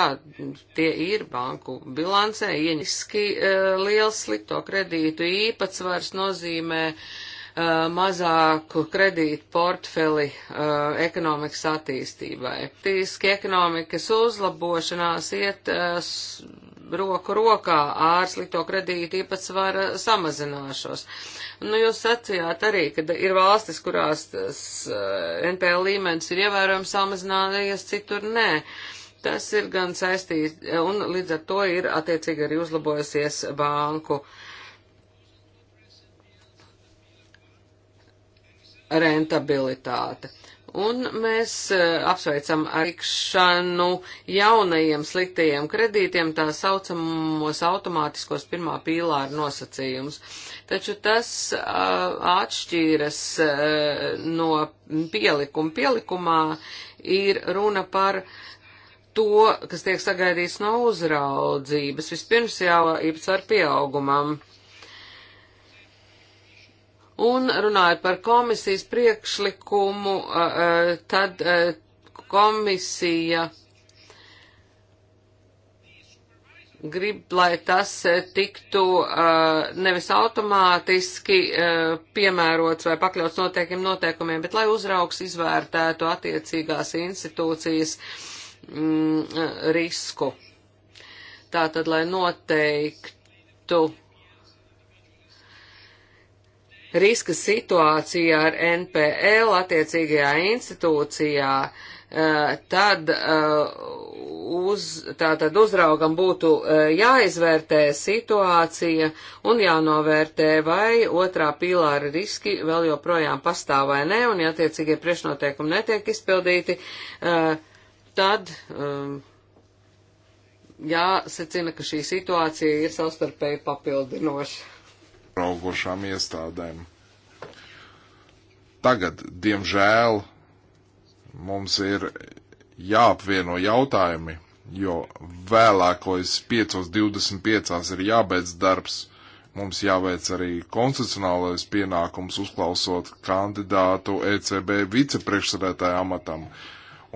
tie ir banku bilancē, ieņiski eh, liels slikto kredītu īpatsvars nozīmē uh, Uh, mazāku kredītu portfeli uh, ekonomikas attīstībai. Tīski ekonomikas uzlabošanās iet uh, roku rokā ar slikto kredītu īpatsvara samazināšos. Nu, jūs sacījāt arī, ka ir valstis, kurās tas uh, NPL līmenis ir ievērojami samazinājies, citur nē. Tas ir gan saistīts, un līdz ar to ir attiecīgi arī uzlabojusies banku uh, rentabilitāte. Un mēs eh, apsveicam arikšanu jaunajiem sliktajiem kredītiem, tā saucamos automātiskos pirmā pīlāra nosacījumus. Taču tas uh, eh, atšķīras uh, eh, no pielikuma. Pielikumā ir runa par to, kas tiek sagaidīts no uzraudzības. Vispirms jau īpatsvaru pieaugumam. Uh, Un runājot par komisijas priekšlikumu, tad komisija grib, lai tas tiktu nevis automātiski piemērots vai pakļauts noteikiem noteikumiem, bet lai uzraugs izvērtētu attiecīgās institūcijas mm, risku. Tātad, lai noteiktu riska situācija ar NPL attiecīgajā institūcijā, eh, tad, eh, uz, tad uzraugam būtu eh, jāizvērtē situācija un jānovērtē, vai otrā pīlāra riski vēl joprojām pastāv vai ne, un ja attiecīgie priešnoteikumi netiek izpildīti, tad ehm, jāsacina, ka šī situācija ir savstarpēji papildinoša uzraugošām iestādēm. Tagad, diemžēl, mums ir jāapvieno jautājumi, jo vēlākojas 5.25 ir jābeidz darbs. Mums jāveic arī konstitucionālais pienākums uzklausot kandidātu ECB vicepriekšsēdētāja amatam.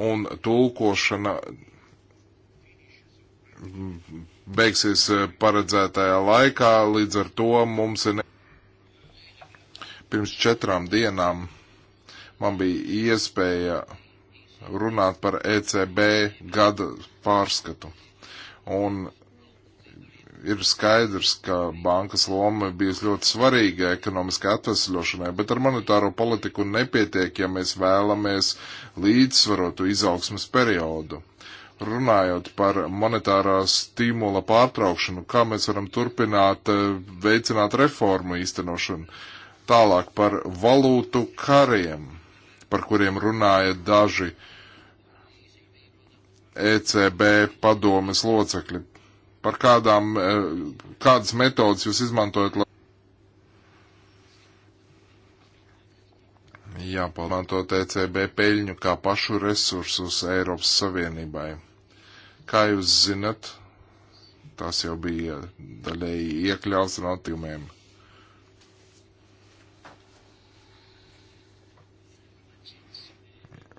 Un tulkošana beigsies eh, paredzētajā laikā, līdz ar to mums ir. Ne... Pirms četrām dienām man bija iespēja runāt par ECB gada pārskatu. Un ir skaidrs, ka bankas loma bijusi ļoti svarīga ekonomiskai atvesļošanai, bet ar monetāro politiku nepietiek, ja mēs vēlamies līdzsvarotu izaugsmas periodu runājot par monetārā stimula pārtraukšanu, kā mēs varam turpināt eh, veicināt reformu īstenošanu. Tālāk par valūtu kariem, par kuriem runāja daži ECB padomes locekļi. Par kādām, eh, kādas metodas jūs izmantojat? Jāpalmantot ECB peļņu kā pašu resursus Eiropas Savienībai. Kā jūs zinat, tas jau bija daļēji iekļauts notikumiem.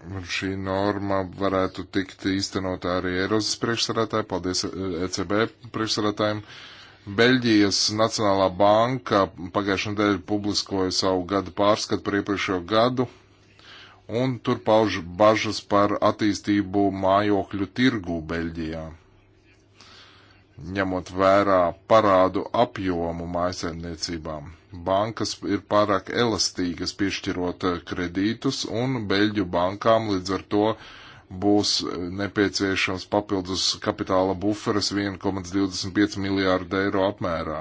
Un šī norma varētu tikt īstenot arī Eiropas priekšsarētāji, paldies ECB eh, e priekšsarētājiem. Beļģijas Nacionālā banka pagājušajā nedēļā publiskoja savu gadu pārskatu par iepriekšējo gadu un tur pauž bažas par attīstību mājokļu tirgu Beļģijā. Ņemot vērā parādu apjomu mājsaimniecībām, bankas ir pārāk elastīgas piešķirot kredītus, un Beļģu bankām līdz ar to būs nepieciešams papildus kapitāla buferes 1,25 miljārdu eiro apmērā.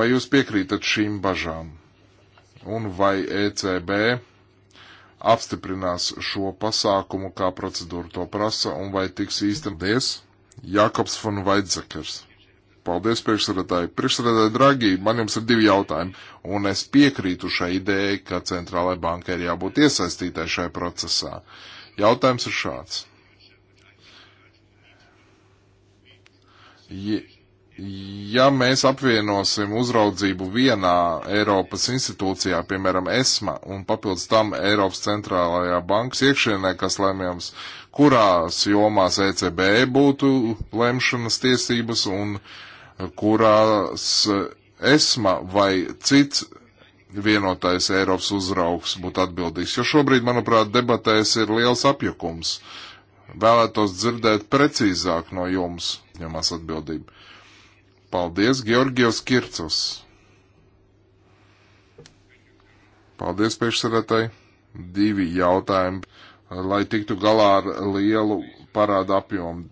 Vai jūs piekrītat šīm bažām? Un vai ECB apstiprinās šo pasākumu, kā procedūra to prasa, un vai tiks īstenoties Jakobs von Vaidzekers. Paldies, priekšsēdētāji. Priekšsēdētāji, dragi, man jums ir divi jautājumi, un es piekrītu šai idejai, ka centrālai bankai ir jābūt iesaistītai šajā procesā. Jautājums ir šāds. Ja ja mēs apvienosim uzraudzību vienā Eiropas institūcijā, piemēram, ESMA, un papildus tam Eiropas centrālajā bankas iekšienē, kas lemjams, kurās jomās ECB būtu lemšanas tiesības un kurās ESMA vai cits vienotais Eiropas uzraugs būtu atbildīgs. Jo šobrīd, manuprāt, debatēs ir liels apjukums. Vēlētos dzirdēt precīzāk no jums, ņemās atbildību. Paldies, Georgijos Kircus. Paldies, priekšsēdētāji. Divi jautājumi, lai tiktu galā ar lielu parādu apjomu.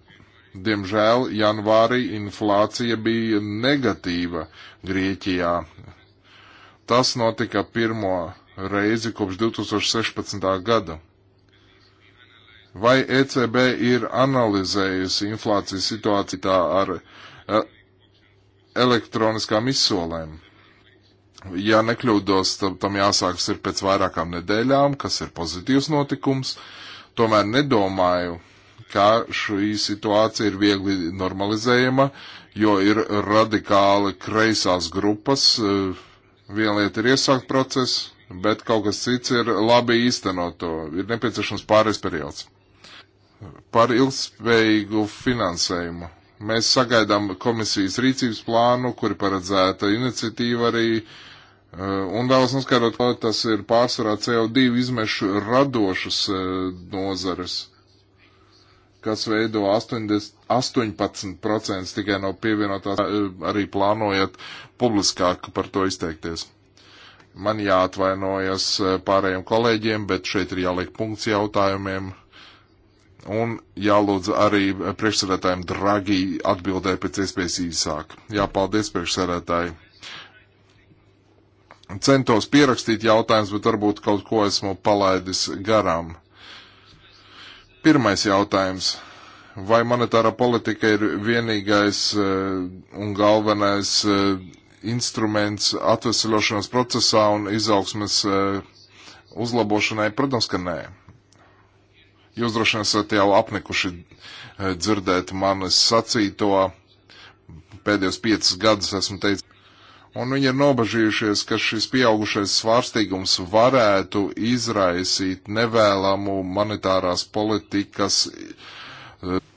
Diemžēl janvārī inflācija bija negatīva Grieķijā. Tas notika pirmo reizi kopš 2016. gada. Vai ECB ir analizējusi inflācijas situāciju tā ar elektroniskām izsolēm. Ja nekļūdos, tad tam jāsākas ir pēc vairākām nedēļām, kas ir pozitīvs notikums. Tomēr nedomāju, ka šī situācija ir viegli normalizējama, jo ir radikāli kreisās grupas. Eh, viena lieta ir iesākt procesu, bet kaut kas cits ir labi īstenot to. Ir nepieciešams pāris periods. Par ilgspējīgu finansējumu Mēs sagaidām komisijas rīcības plānu, kuri paredzēta iniciatīva arī, eh, un vēlas noskaidrot, ka tas ir pārsvarā CO2 izmešu radošas eh, nozares, kas veido 80, 18% tikai no pievienotās, eh, arī plānojat publiskāk par to izteikties man jāatvainojas pārējiem kolēģiem, bet šeit ir jāliek punkts jautājumiem. Un jālūdz arī priekšsēdētājiem Dragi atbildē pēc iespējas īsāk. Jā, paldies priekšsēdētāji. Centos pierakstīt jautājumus, bet varbūt kaut ko esmu palaidis garām. Pirmais jautājums. Vai monetāra politika ir vienīgais eh, un galvenais eh, instruments atvesļošanas procesā un izaugsmes eh, uzlabošanai? Protams, ka nē. Jūs droši vien esat jau apnikuši eh, dzirdēt manis sacīto. Pēdējos piecus gadus esmu teicis. Un viņi ir nobažījušies, ka šis pieaugušais svārstīgums varētu izraisīt nevēlamu monetārās politikas. Eh,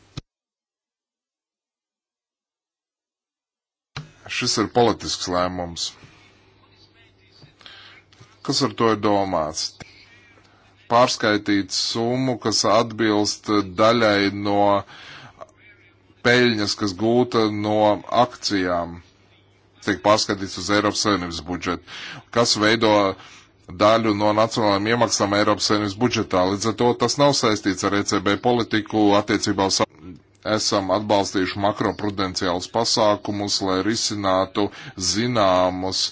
šis ir politisks lēmums. Kas ar to ir domāts? pārskaitīt summu, kas atbilst daļai no peļņas, kas gūta no akcijām, tiek pārskaitīts uz Eiropas Savienības budžetu, kas veido daļu no nacionālajām iemaksām Eiropas Savienības budžetā. Līdz ar to tas nav saistīts ar ECB politiku attiecībā uz esam atbalstījuši makroprudenciālus pasākumus, lai risinātu zināmus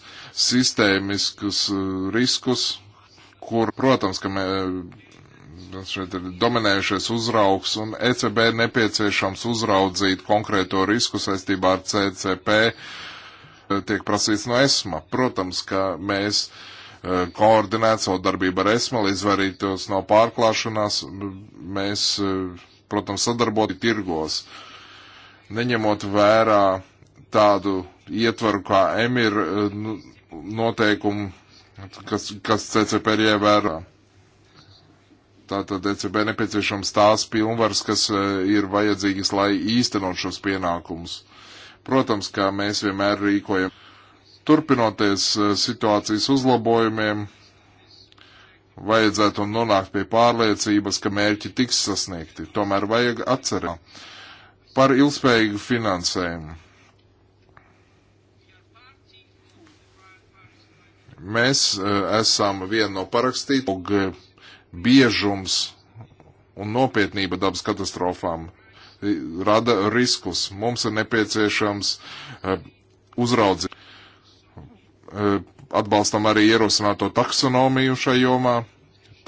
sistēmiskus uh, riskus, kur, protams, ka mē, šeit ir dominējušais uzraugs un ECB ir nepieciešams uzraudzīt konkrēto risku saistībā ar CCP, eh, tiek prasīts no ESMA. Protams, ka mēs eh, koordinēt savu darbību ar ESMA, lai izvairītos no pārklāšanās, nu, mēs, eh, protams, sadarboti tirgos, neņemot vērā tādu ietvaru kā EMIR nu, noteikumu kas, kas CCP ir ievērā. Tātad ECB nepieciešams tās pilnvaras, kas e, ir vajadzīgas, lai īstenot šos pienākumus. Protams, kā mēs vienmēr rīkojam. Turpinoties e, situācijas uzlabojumiem, vajadzētu nonākt pie pārliecības, ka mērķi tiks sasniegti. Tomēr vajag atcerēt par ilgspējīgu finansējumu Mēs e, esam viena no parakstītājiem, biežums un nopietnība dabas katastrofām e, rada riskus. Mums ir nepieciešams e, uzraudzīt. Atbalstam arī ierosināto taksonomiju šajā jomā.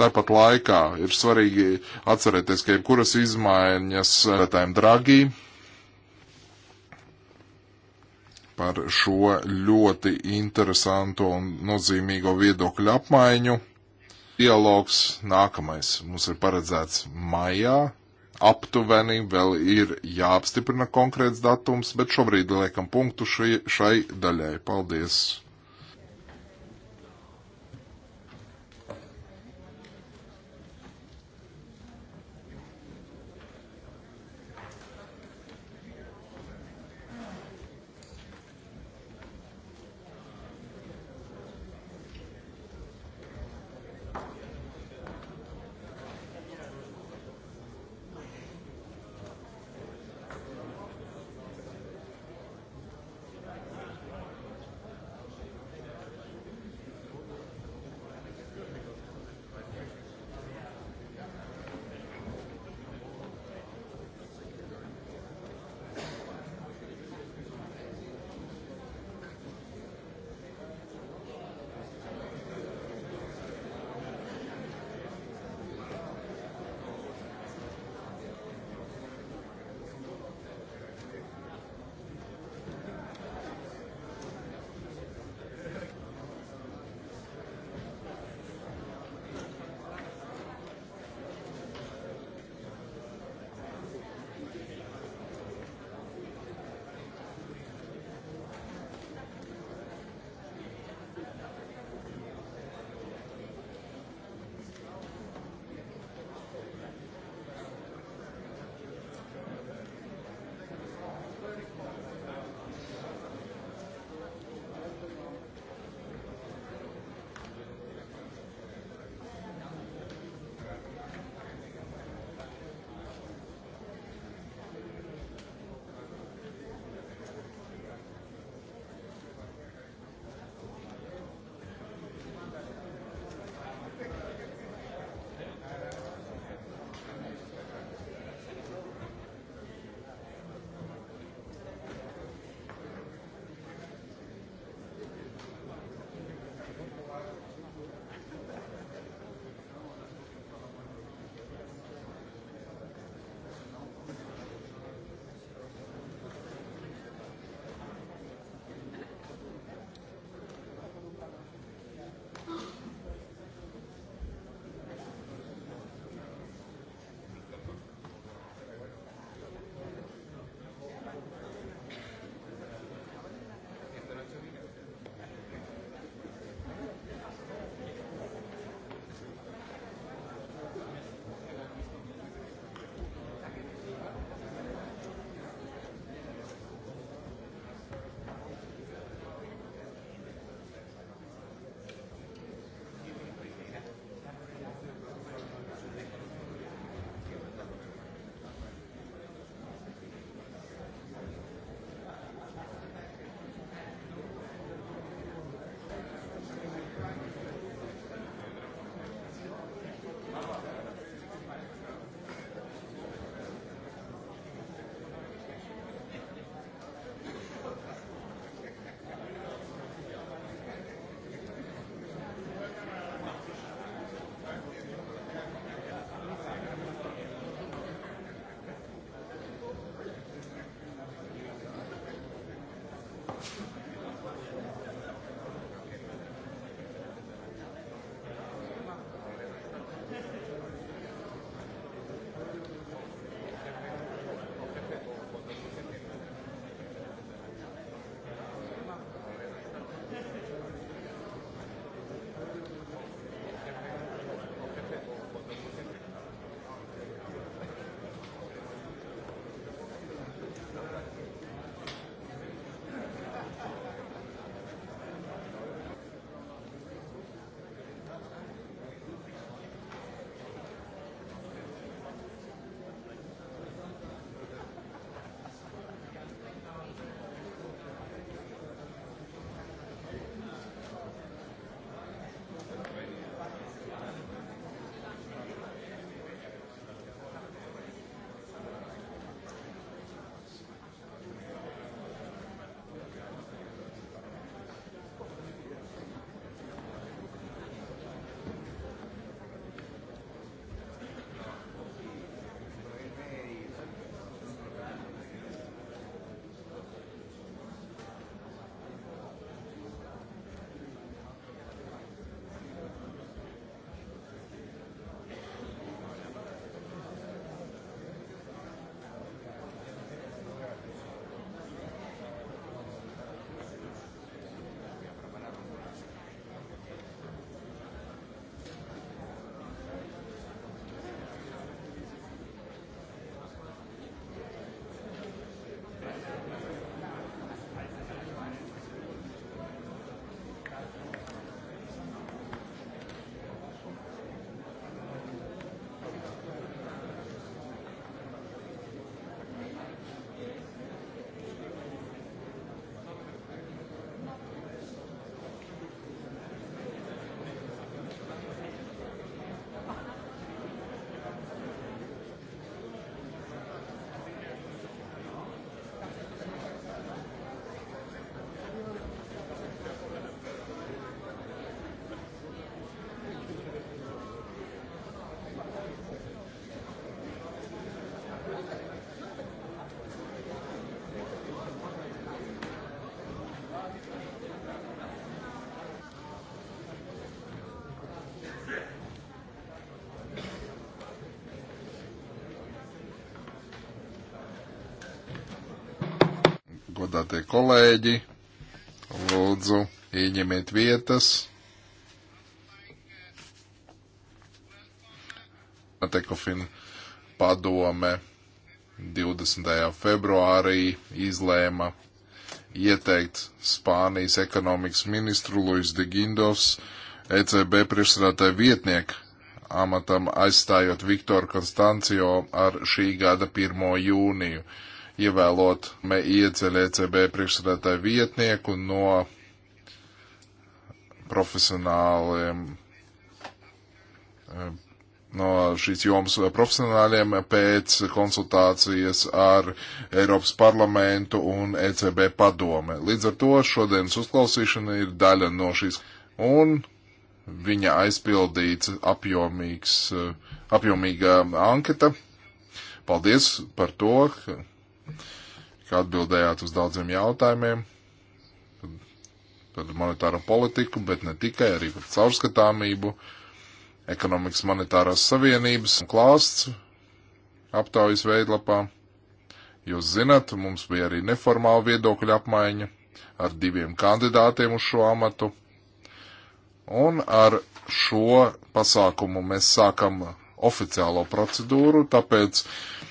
Tāpat laikā ir svarīgi atcerēties, ka jebkuras izmaiņas vērtējiem dragī par šo ļoti interesanto un nozīmīgo viedokļu apmaiņu. Dialogs nākamais mums ir paredzēts maijā. Aptuveni vēl ir jāapstiprina konkrēts datums, bet šobrīd liekam punktu šai, šai daļai. Paldies! godātie kolēģi, lūdzu, ieņemiet vietas. Tekofina padome 20. februārī izlēma ieteikt Spānijas ekonomikas ministru Luis de Gindos ECB priekšsēdētāja vietnieku amatam aizstājot Viktoru Konstancijo ar šī gada 1. jūniju ievēlot ieceļ ECB priekšsēdētāju vietnieku no profesionāliem, eh, no šīs jomas profesionāļiem pēc konsultācijas ar Eiropas parlamentu un ECB padome. Līdz ar to šodienas uzklausīšana ir daļa no šīs. Un viņa aizpildīts apjomīgs, eh, apjomīga anketa. Paldies par to, ka atbildējāt uz daudziem jautājumiem par monetāro politiku, bet ne tikai, arī par caurskatāmību, ekonomikas monetārās savienības klāsts aptaujas veidlapā. Jūs zinat, mums bija arī neformāla viedokļa apmaiņa ar diviem kandidātiem uz šo amatu. Un ar šo pasākumu mēs sākam oficiālo procedūru, tāpēc uh,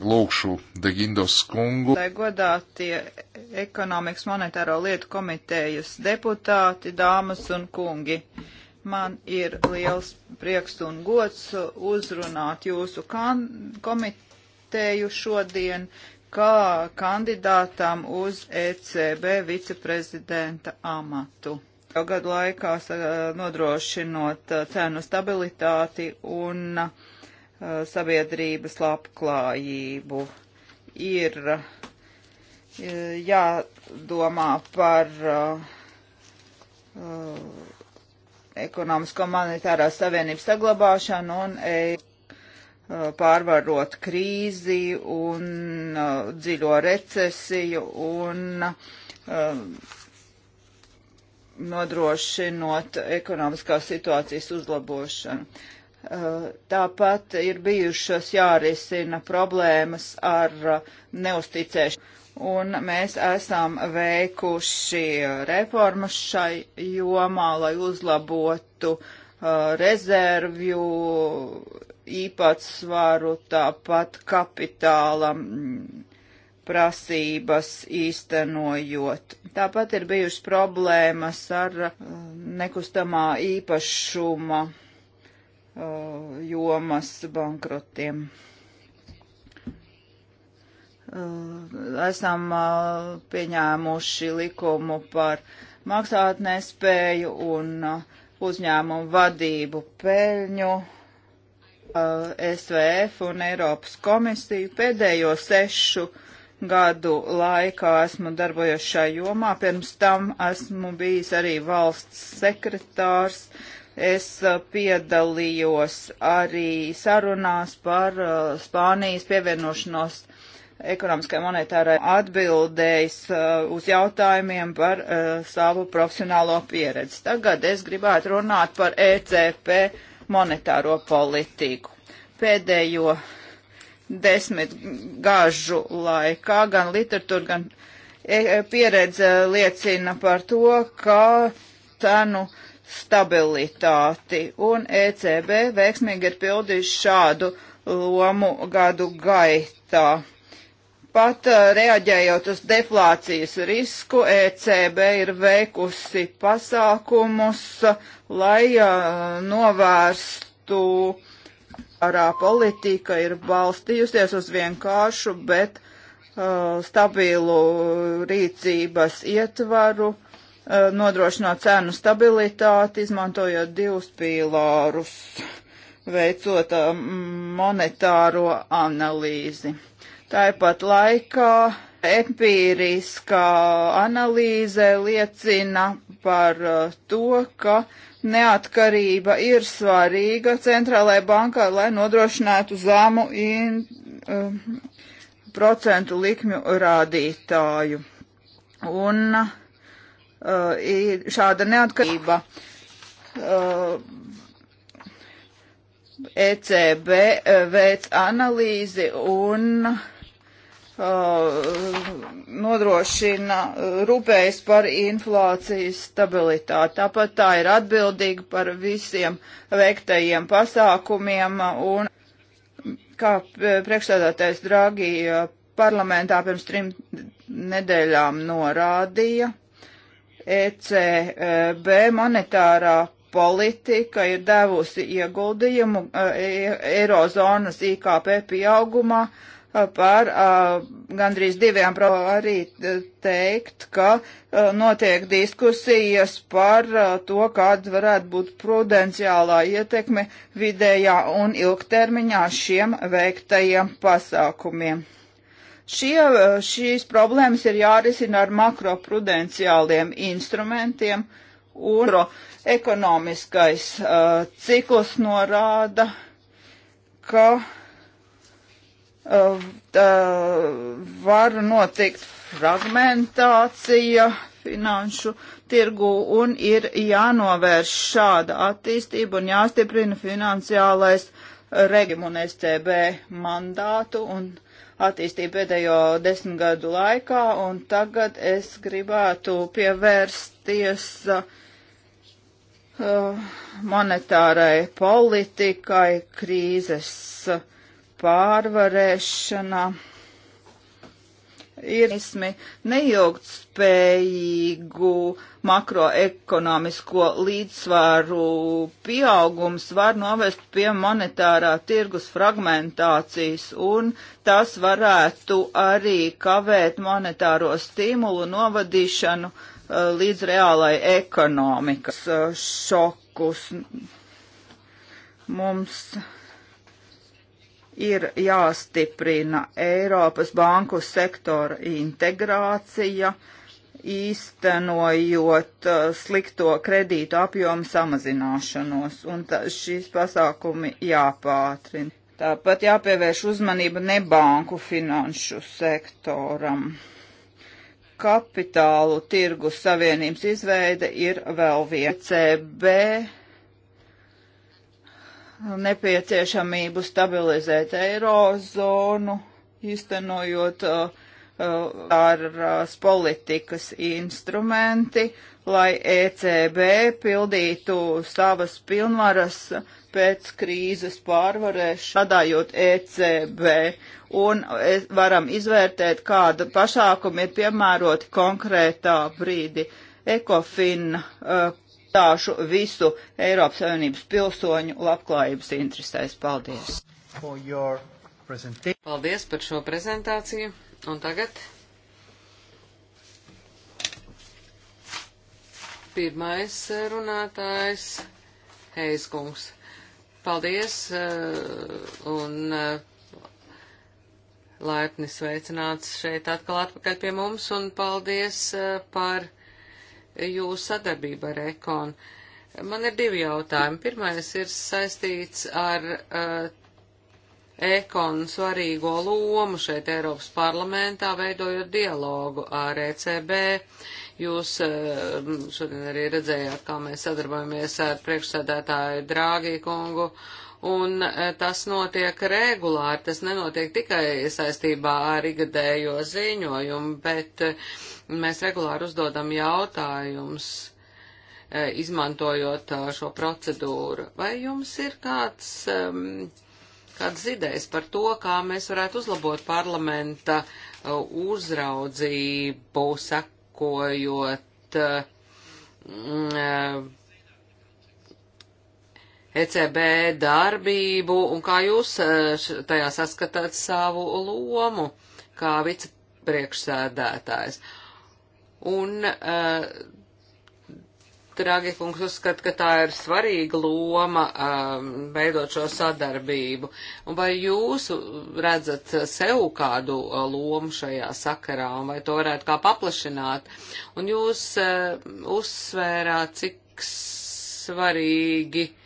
lūkšu Degindos kungu. Lai godātie ekonomikas monetāro lietu komitejas deputāti, dāmas un kungi, man ir liels prieks un gods uzrunāt jūsu kan komiteju šodien kā kandidātam uz ECB viceprezidenta amatu. Jau gadu laikā nodrošinot uh, cenu stabilitāti un uh, Uh, sabiedrības labklājību. Ir uh, jādomā par uh, ekonomisko monetārās savienības saglabāšanu un e, pārvarot krīzi un dziļo recesiju un nodrošinot ekonomiskās situācijas uzlabošanu. Tāpat ir bijušas jārisina problēmas ar uh, neusticēšanu, un mēs esam veikuši reformas šai jomā, lai uzlabotu uh, rezervju īpatsvaru, tāpat kapitāla mm, prasības īstenojot. Tāpat ir bijušas problēmas ar uh, nekustamā īpašuma Uh, jomas bankrotiem. Uh, esam uh, pieņēmuši likumu par maksātnespēju un uzņēmumu vadību peļņu. SVF un Eiropas komisiju pēdējo sešu gadu laikā esmu darbojies šajā jomā. Pirms tam esmu bijis arī valsts sekretārs uh, Es uh, piedalījos arī sarunās par uh, Spānijas pievienošanos ekonomiskai monetārai atbildējis uh, uz jautājumiem par uh, savu profesionālo pieredzi. Tagad es gribētu runāt par ECP monetāro politiku. Pēdējo desmit gažu laikā gan literatūra, gan e, e pieredze uh, liecina par to, ka cenu uh, stabilitāti, un ECB veiksmīgi ir pildījis šādu lomu gadu gaitā. Pat uh, reaģējot uz deflācijas risku, ECB ir veikusi pasākumus, lai uh, novērstu arā politika ir balstījusies uz vienkāršu, bet uh, stabilu rīcības ietvaru Eh, nodrošināt cenu stabilitāti, izmantojot divus pīlārus, veicot eh, monetāro analīzi. Tāpat laikā empīriskā analīze liecina par eh, to, ka neatkarība ir svarīga centrālajai bankai, lai nodrošinātu zemu in, procentu likmju rādītāju. Un uh, Uh, ir šāda neatkarība. Uh, ECB uh, veic analīzi un nodrošina rūpējas par inflācijas stabilitāti. Tāpat tā ir atbildīga par visiem veiktajiem pasākumiem un, kā priekšstādātais Dragi parlamentā pirms trim nedēļām norādīja, ECB monetārā politika ir devusi ieguldījumu e, Eirozonas IKP pieaugumā e, par e, gandrīz diviem pro arī teikt, ka notiek diskusijas par to, kāda varētu būt prudenciālā ietekme vidējā un ilgtermiņā šiem veiktajiem pasākumiem. Šie, eh, šīs problēmas ir jārisina ar makroprudenciāliem instrumentiem, un ekonomiskais uh, eh, cikls norāda, ka uh, var notikt fragmentācija finanšu tirgu un ir jānovērš šāda attīstība un jāstiprina finansiālais regim un SCB mandātu un attīstību pēdējo desmit gadu laikā, un tagad es gribētu pievērsties uh, monetārai politikai, krīzes pārvarēšana. Uh, ir esmi neilgtspējīgu makroekonomisko līdzsvaru pieaugums var novest pie monetārā tirgus fragmentācijas un tas varētu arī kavēt monetāro stimulu novadīšanu uh, līdz reālai ekonomikas uh, šokus. Mums ir jāstiprina Eiropas banku sektora integrācija, īstenojot uh, slikto kredītu apjomu samazināšanos, un šīs pasākumi jāpātrina. Tāpat jāpievērš uzmanība nebanku finanšu sektoram. Kapitālu tirgu savienības izveide ir vēl viena e CB nepieciešamību stabilizēt eirozonu, iztenojot uh, ārās uh, uh, politikas instrumenti, lai ECB pildītu savas pilnvaras pēc krīzes pārvarēšanas, sadājot ECB, un varam izvērtēt, kāda pašākuma ir piemēroti konkrētā brīdi. Ekofin uh, iestāšu visu Eiropas Savienības pilsoņu labklājības interesēs. Paldies! Paldies par šo prezentāciju. Un tagad pirmais eh, runātājs Heiskungs. Paldies eh, un eh, laipni sveicināts šeit atkal atpakaļ pie mums un paldies par jūsu sadarbību ar ekonu. Man ir divi jautājumi. Pirmais ir saistīts ar uh, eh, ekonu svarīgo lomu šeit Eiropas parlamentā, veidojot dialogu ar ECB. Jūs uh, šodien arī redzējāt, kā mēs sadarbojamies ar priekšsēdētāju Drāgī kungu. Uh, un e, tas notiek regulāri, tas nenotiek tikai saistībā ar igadējo ziņojumu, bet e, mēs regulāri uzdodam jautājumus, e, izmantojot šo procedūru. Vai jums ir kāds, kāds idejas par to, kā mēs varētu uzlabot parlamenta uzraudzību, sakojot ECB darbību un kā jūs eh, tajā saskatāt savu lomu kā vicepriekšsēdētājs. Un uh, eh, Tragikungs uzskata, ka tā ir svarīga loma um, veidot šo sadarbību. Un vai jūs redzat sev kādu lomu šajā sakarā, un vai to varētu kā paplašināt? Un jūs uh, uzsvērāt, cik svarīgi uh,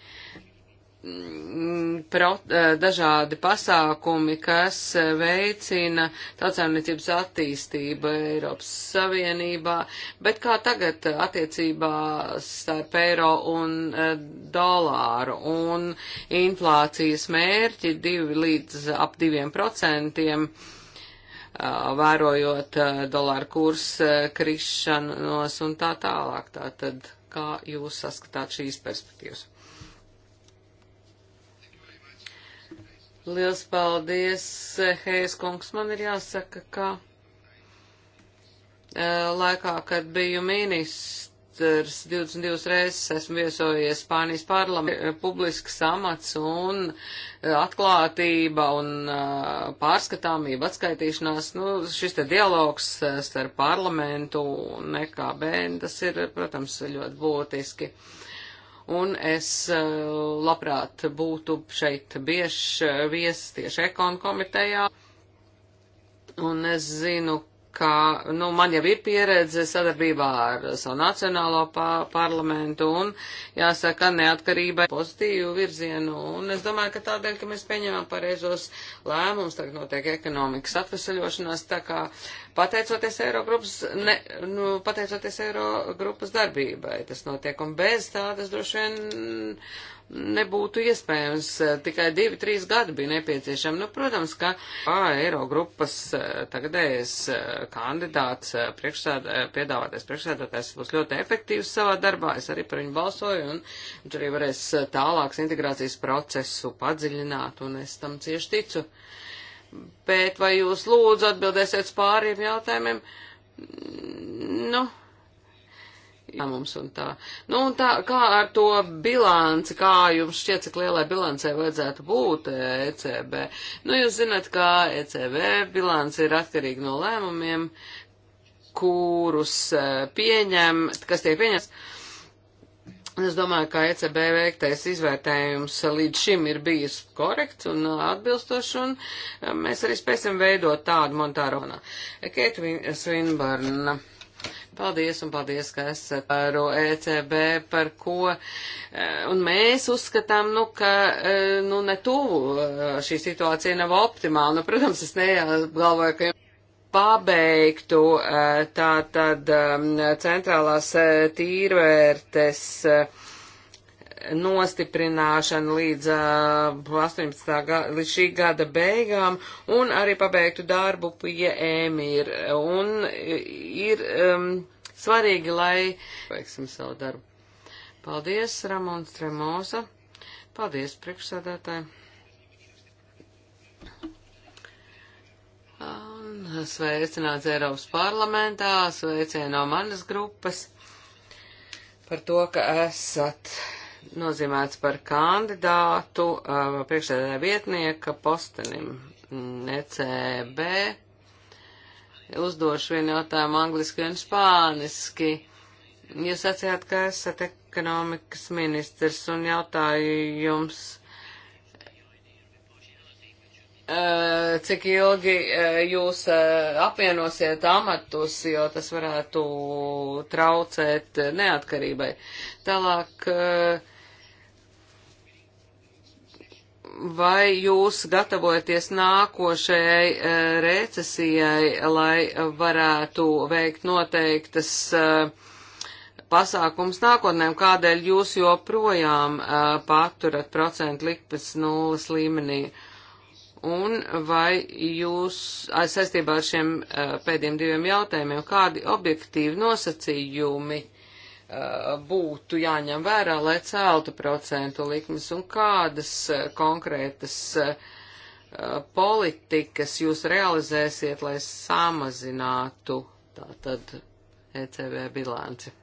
Mm, pro, eh, dažādi pasākumi, kas eh, veicina tautsēmniecības attīstību Eiropas Savienībā, bet kā tagad attiecībā starp eiro un eh, dolāru un inflācijas mērķi 2 līdz ap 2 procentiem, vērojot dolāru kursu krišanos un tā tālāk. Tātad, kā jūs saskatāt šīs perspektīvas? Liels paldies, Hejas eh, kungs. Man ir jāsaka, ka eh, laikā, kad biju ministrs, 22 reizes esmu viesojies Spānijas parlamentā, eh, publisks amats un atklātība un pārskatāmība atskaitīšanās, nu, šis te dialogs starp parlamentu un EKB, tas ir, protams, ļoti būtiski. Uh, un es eh, labprāt būtu šeit biežs eh, viesis tieši ekonu komitejā. Un es zinu, ka, nu, man jau ir pieredze sadarbībā ar savu nacionālo pā, parlamentu un, jāsaka, neatkarībai pozitīvu virzienu. Un es domāju, ka tādēļ, ka mēs pieņemam pareizos lēmumus, tagad notiek ekonomikas atvesaļošanās, tā kā pateicoties Eirogrupas, ne, nu, pateicoties Eirogrupas darbībai, tas notiek. Un bez tā tas droši vien nebūtu iespējams, tikai divi, trīs gadi bija nepieciešami. Nu, protams, ka Eirogrupas eh, tagadējais eh, kandidāts, eh, priekšsād, piedāvātais priekšsēdētājs būs ļoti efektīvs savā darbā. Es arī par viņu balsoju, un viņš arī varēs tālāks integrācijas procesu padziļināt, un es tam cieši ticu. Bet vai jūs lūdzu atbildēsiet uz pāriem jautājumiem? Nu, lēmums un tā. Nu, un tā, kā ar to bilanci, kā jums šķiet, cik lielai bilancei vajadzētu būt ECB? Nu, jūs zināt, kā ECB bilance ir atkarīga no lēmumiem, kurus e, pieņem, kas tiek pieņemts. Es domāju, ka ECB veiktais izvērtējums līdz šim ir bijis korekts un e, atbilstošs, un e, mēs arī spēsim veidot tādu montāronu. Keitvina Svinbarna. Paldies un paldies, ka esat par ECB, par ko. E, un mēs uzskatām, nu, ka e, nu, ne tuvu e, šī situācija nav optimāla. Nu, protams, es neapgalvoju, ka pabeigtu tā tad centrālās tīrvērtes nostiprināšana līdz, uh, 18. Gada, līdz šī gada beigām un arī pabeigtu darbu pie ēmīr. Un ir um, svarīgi, lai veiksim savu darbu. Paldies, Ramons Tremosa. Paldies, priekšsēdētāji. Sveicināts Eiropas parlamentā, sveicienu no manas grupas par to, ka esat nozīmēts par kandidātu uh, priekšsēdētāja vietnieka postenim ECB. Uzdošu vienu jautājumu angliski un spāniski. Jūs atsījāt, ka esat ekonomikas ministrs un jautāju jums, uh, cik ilgi uh, jūs uh, apvienosiet amatus, jo tas varētu traucēt neatkarībai. Tālāk uh, vai jūs gatavojaties nākošajai e, recesijai, lai varētu veikt noteiktas e, pasākums nākotnēm, kādēļ jūs joprojām e, paturat procentu likmes nulles līmenī? Un vai jūs saistībā ar šiem pēdējiem diviem jautājumiem, kādi objektīvi nosacījumi uh, Uh, būtu jāņem vērā, lai celtu procentu likmes un kādas uh, konkrētas uh, politikas jūs realizēsiet, lai samazinātu tātad ECB bilanci.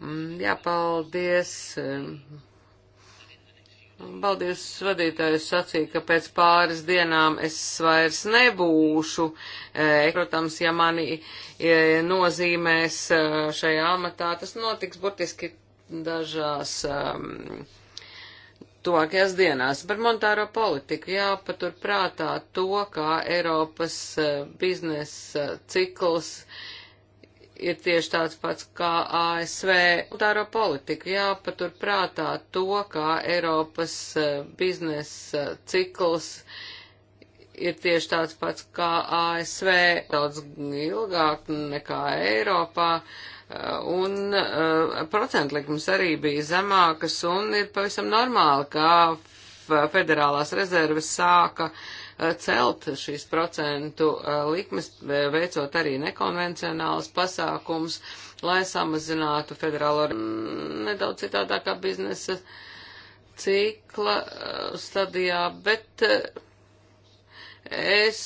Mm, jā, paldies. Um, Baldies vadītājs sacīja, ka pēc pāris dienām es vairs nebūšu. E, protams, ja mani e, nozīmēs e, šajā amatā, tas notiks burtiski dažās um, tuvākajās dienās. Par monetāro politiku jāpatur prātā to, kā Eiropas biznesa cikls uh, ir tieši tāds pats kā ASV. Monetāro politiku jāpatur prātā to, kā Eiropas eh, biznesa eh, cikls ir tieši tāds pats kā ASV, daudz ilgāk nekā Eiropā, eh, un procentlikums arī bija zemākas, un ir pavisam normāli, kā federālās rezerves sāka uh, celt šīs procentu uh, likmes, veicot arī nekonvencionālus pasākums, lai samazinātu federālo mm, nedaudz citādākā biznesa cikla uh, stadijā, bet uh, es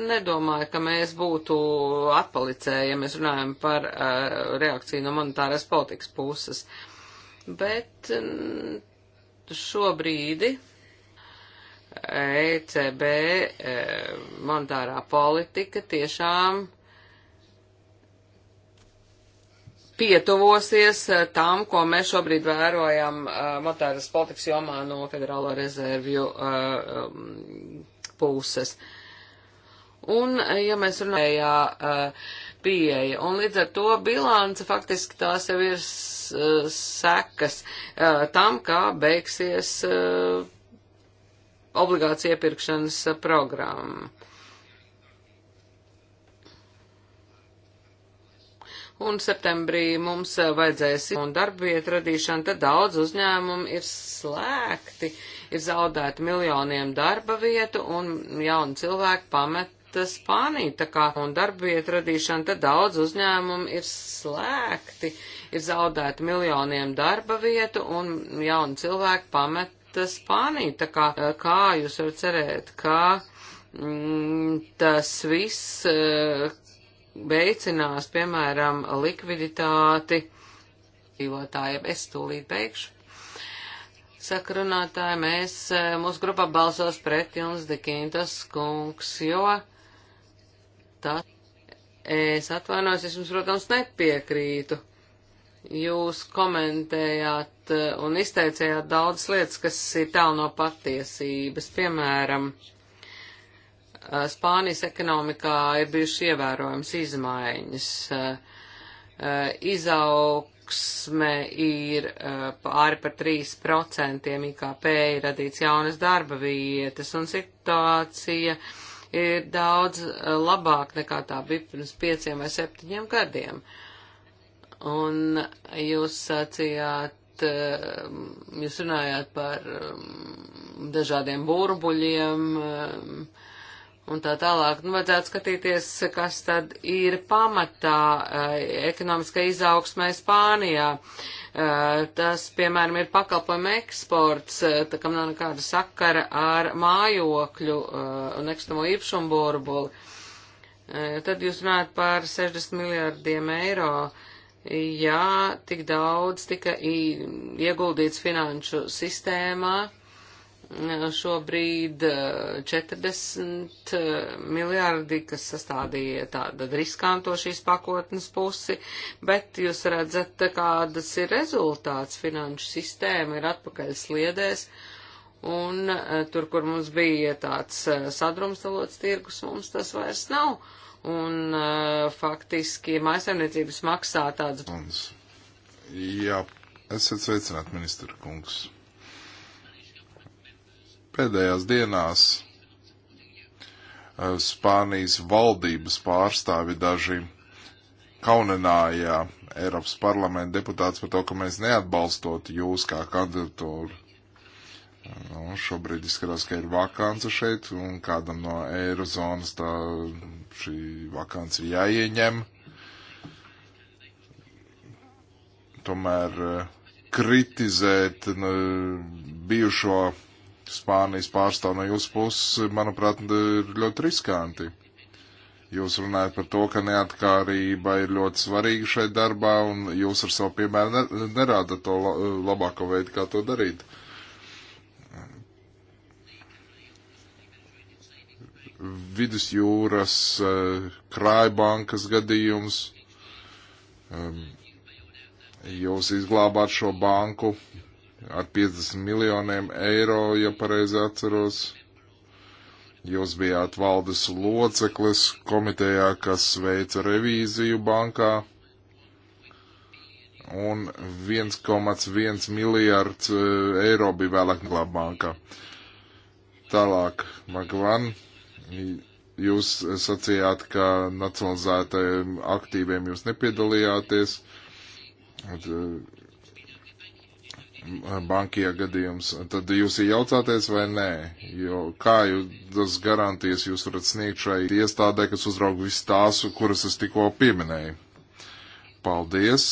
nedomāju, ka mēs būtu atpalicēji, ja mēs runājam par reakciju no monetāras politikas puses. Bet mm, šobrīd ECB e, monetārā politika tiešām pietuvosies e, tam, ko mēs šobrīd vērojam e, monetāras politikas jomā no Federālo rezervju puses. Un, ja mēs runājām, pieeja, un līdz ar to bilance faktiski tās jau ir sekas tam, kā beigsies obligāciju iepirkšanas eh, programmu. Un septembrī mums eh, vajadzēs un darbvietu radīšana, tad daudz uzņēmumu ir slēgti, ir zaudēti miljoniem darba vietu un jauni cilvēki pamet Spāniju, tā kā un darbvietu radīšana, tad daudz uzņēmumu ir slēgti, ir zaudēti miljoniem darba vietu un jauni cilvēki pamet Spāniju. Tā kā, eh, kā jūs varat cerēt, ka mm, tas viss eh, veicinās, piemēram, likviditāti dzīvotājiem. Es tūlīt beigšu. Saka runātāji, mēs, eh, mūsu grupā balsos pret jums, Dekintas kungs, jo tas, es atvainojos, es jums, protams, nepiekrītu. Jūs komentējāt eh, un izteicējāt daudz lietas, kas ir tālu no patiesības. Piemēram, eh, Spānijas ekonomikā ir bijuši ievērojams izmaiņas. Eh, izaugsme ir pāri par 3% IKP, ir radīts jaunas darba vietas un situācija ir daudz labāk nekā tā bija pirms pieciem vai septiņiem gadiem. Uh, Un jūs sacījāt, um, jūs runājāt par um, dažādiem burbuļiem um, un tā tālāk. Nu, vajadzētu skatīties, kas tad ir pamatā uh, ekonomiskai izaugsmai Spānijā. Uh, tas, piemēram, ir pakalpojuma eksports, uh, tā kam nav nekāda sakara ar mājokļu un ekstamo īpašumu burbuli. Tad jūs runājat par 60 miljārdiem eiro jā, tik daudz tika ieguldīts finanšu sistēmā. Šobrīd 40 e, e, miljardi, kas sastādīja tāda riskanto šīs pakotnes pusi, bet jūs redzat, kādas ir rezultāts. Finanšu sistēma ir atpakaļ sliedēs, un e, tur, kur mums bija tāds sadrumstalots tirgus, mums tas vairs nav. Uh, un uh, faktiski maisaimniecības maksā tādas. Jā, esat sveicināt, ministra kungs. Pēdējās dienās uh, Spānijas valdības pārstāvi daži kauninājā Eiropas parlamenta deputāts par to, ka mēs neatbalstot jūs kā kandidatūru. Nu, šobrīd izskatās, ka ir vakance šeit, un kādam no Eirozonas tā šī vakants ir jāieņem. Tomēr eh, kritizēt bijušo Spānijas pārstāvu no jūsu puses, manuprāt, ir ļoti riskanti. Jūs runājat par to, ka neatkarība ir ļoti svarīga šai darbā, un jūs ar savu piemēru nerāda to eh, labāko veidu, kā to darīt. Uh, vidusjūras eh, krājbankas gadījums. Jūs izglābāt šo banku ar 50 miljoniem eiro, ja pareizi atceros. Jūs bijāt valdes loceklis komitejā, kas veica revīziju bankā. Un 1,1 miljārds eh, eiro bija vēlāk glābbankā. Tālāk, Magvan, Jūs sacījāt, ka nacionalizētajiem aktīviem jūs nepiedalījāties. Eh, Bankijā gadījums. Tad jūs iejaucāties vai nē? Jo kā jūs tas garantijas jūs varat sniegt šai iestādē, kas uzraug visu tās, kuras es tikko pieminēju? Paldies!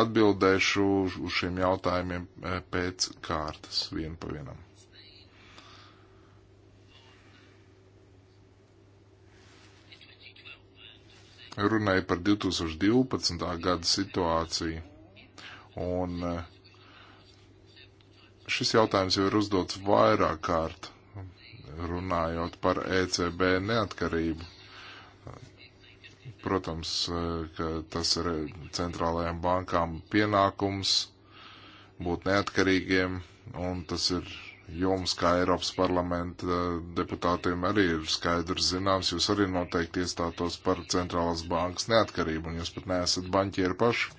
atbildēšu uz šiem jautājumiem eh, pēc kārtas, vienu pa vienam. runāja par 2012. gada situāciju. Un eh, šis jautājums jau ir uzdots vairāk kārt, runājot par ECB neatkarību. Protams, eh, ka tas ir centrālajām bankām pienākums būt neatkarīgiem, un tas ir jums, kā Eiropas parlamenta eh, deputātiem, arī ir skaidrs zināms, jūs arī noteikti iestātos par centrālās bankas neatkarību, un jūs pat neesat banķieri paši.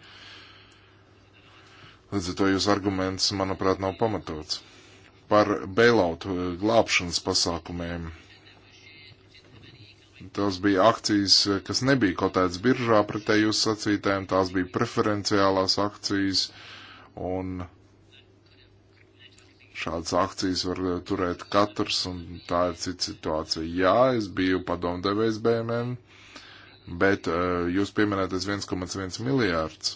Līdz ar to jūs arguments, manuprāt, nav pamatots. Par bailout eh, glābšanas pasākumiem. Tās bija akcijas, eh, kas nebija kotētas biržā pretēji jūsu sacītēm, tās bija preferenciālās akcijas, un uh, Šādas akcijas var eh, turēt katrs, un tā ir cita situācija. Jā, es biju padomdevējs BMM, bet eh, jūs pieminētais 1,1 miljārds.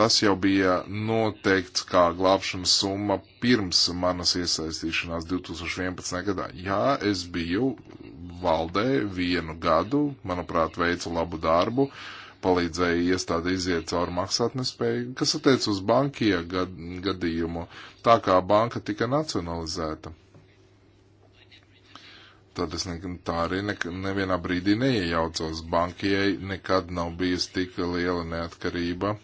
Tas jau bija noteikts kā glābšanas summa pirms manas iesaistīšanās 2011. gadā. Jā, es biju valdē vienu gadu, manuprāt, veicu labu darbu. Uh, palīdzēja iestāde iziet cauri maksātnespēju, kas attiec uz bankija gad, gadījumu, tā kā banka tika nacionalizēta. Tad es ne, tā arī ne, nevienā brīdī neiejaucos. Bankijai nekad nav bijusi tik liela neatkarība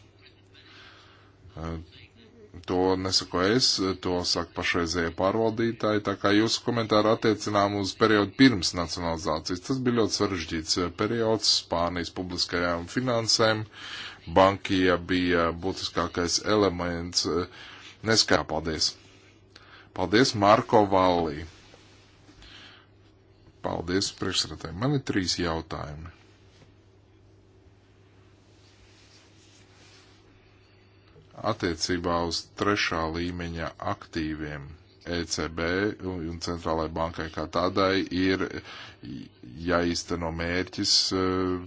To nesaku es, to saka pašreizējie pārvaldītāji, tā kā jūsu komentāri attiecinām uz periodu pirms nacionalizācijas. Tas bija ļoti sarežģīts eh, periods Spānijas publiskajām finansēm. Bankija bija būtiskākais elements. Eh, neskā, paldies! Paldies, Marko Vallī! Paldies priekšsēdētājiem. Man ir trīs jautājumi. attiecībā uz trešā līmeņa aktīviem ECB un centrālajai bankai kā tādai ir jāizteno mērķis e,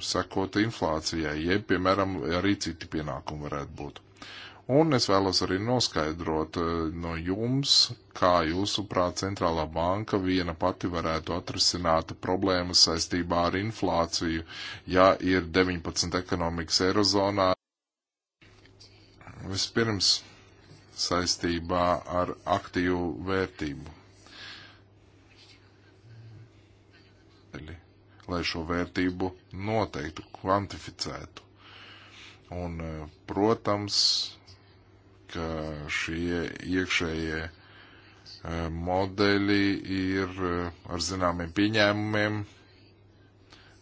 sakot inflācijai, jeb, piemēram, arī citi pienākumi varētu būt. Un es vēlos arī noskaidrot e, no jums, kā jūsuprāt centrālā banka viena pati varētu atrisināt problēmas saistībā ar inflāciju, ja ir 19 ekonomikas Eirozonā. Vispirms saistībā ar aktīvu vērtību. Lai šo vērtību noteiktu, kvantificētu. Un, e, protams, ka šie iekšējie e, modeļi ir e, ar zināmiem pieņēmumiem,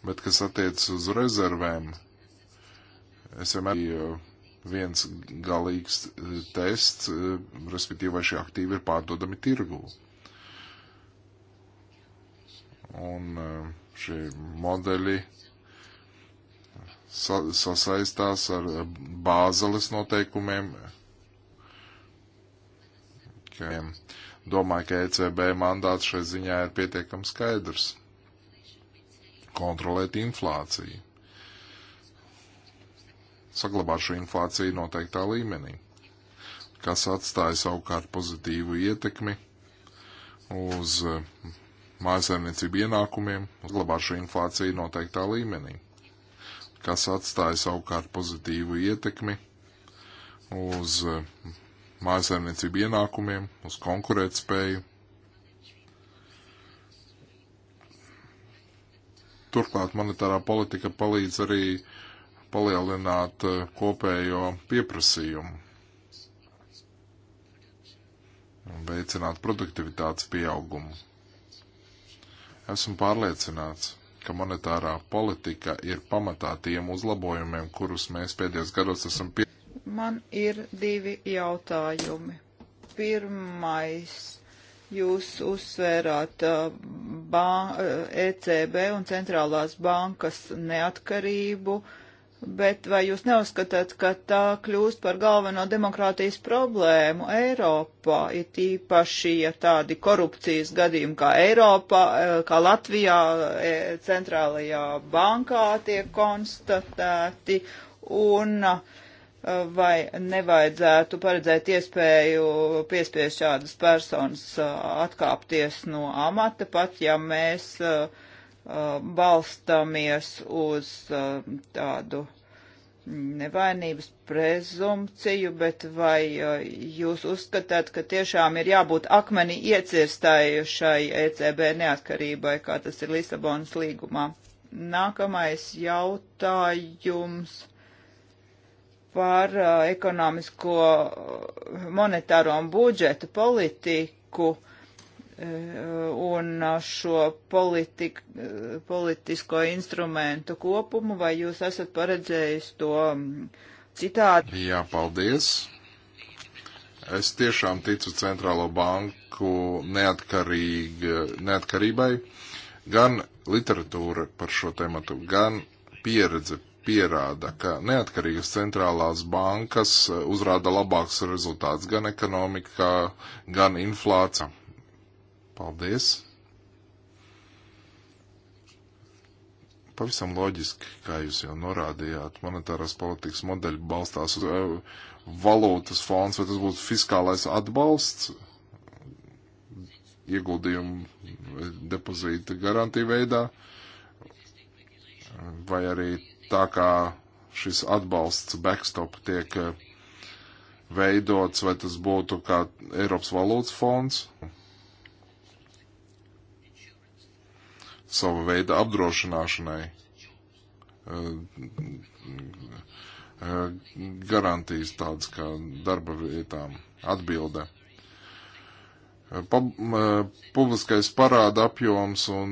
bet kas attiecas uz rezervēm, es vienmēr biju viens galīgs eh, tests, eh, respektīvi, vai šie aktīvi ir pārdodami tirgū. Un eh, šie modeļi sa sasaistās ar bāzeles noteikumiem. Domāju, ka ECB mandāts šai ziņā ir pietiekami skaidrs. Kontrolēt inflāciju saglabāt šo inflāciju noteiktā līmenī, kas atstāja savukārt pozitīvu ietekmi uz eh, mājasēmniecību ienākumiem, saglabāt šo inflāciju noteiktā līmenī, kas atstāja savukārt pozitīvu ietekmi uz eh, mājasēmniecību ienākumiem, uz konkurētspēju, Turklāt monetārā politika palīdz arī palielināt eh, kopējo pieprasījumu un veicināt produktivitātes pieaugumu. Esmu pārliecināts, ka monetārā politika ir pamatā tiem uzlabojumiem, kurus mēs pēdējos gados esam pie. Man ir divi jautājumi. Pirmais, jūs uzsvērāt ECB eh, eh, e un centrālās bankas neatkarību. Uh, Bet vai jūs neuzskatāt, ka tā kļūst par galveno demokrātijas problēmu Eiropā, ir tīpaši, ja tādi korupcijas gadījumi kā Eiropā, eh, kā Latvijā, eh, centrālajā bankā tiek konstatēti, un eh, vai nevajadzētu paredzēt iespēju piespiest šādas personas atkāpties no amata, pat ja mēs uh, Uh, balstāmies uz uh, tādu nevainības prezumciju, bet vai uh, jūs uzskatāt, ka tiešām ir jābūt akmeni iecirstējušai ECB neatkarībai, kā tas ir Lisabonas līgumā? Nākamais jautājums par ekonomisko monetāro un budžeta politiku. Uh, un šo politik, politisko instrumentu kopumu, vai jūs esat paredzējis to mm, citādi? Jā, paldies. Es tiešām ticu centrālo banku neatkarībai. Gan literatūra par šo tematu, gan pieredze pierāda, ka neatkarīgas centrālās bankas uh, uzrāda labāks rezultāts gan ekonomikā, gan inflācijā Paldies! Pavisam loģiski, kā jūs jau norādījāt, monetārās politikas modeļi balstās uz uh, valūtas fonds, vai tas būtu fiskālais atbalsts ieguldījumu depozīta garantija veidā, vai arī tā kā šis atbalsts backstop tiek eh, veidots, vai tas būtu kā Eiropas valūtas fonds. sava veida apdrošināšanai eh, eh, garantijas tādas kā darba vietām atbilde. Eh, publiskais parāda apjoms un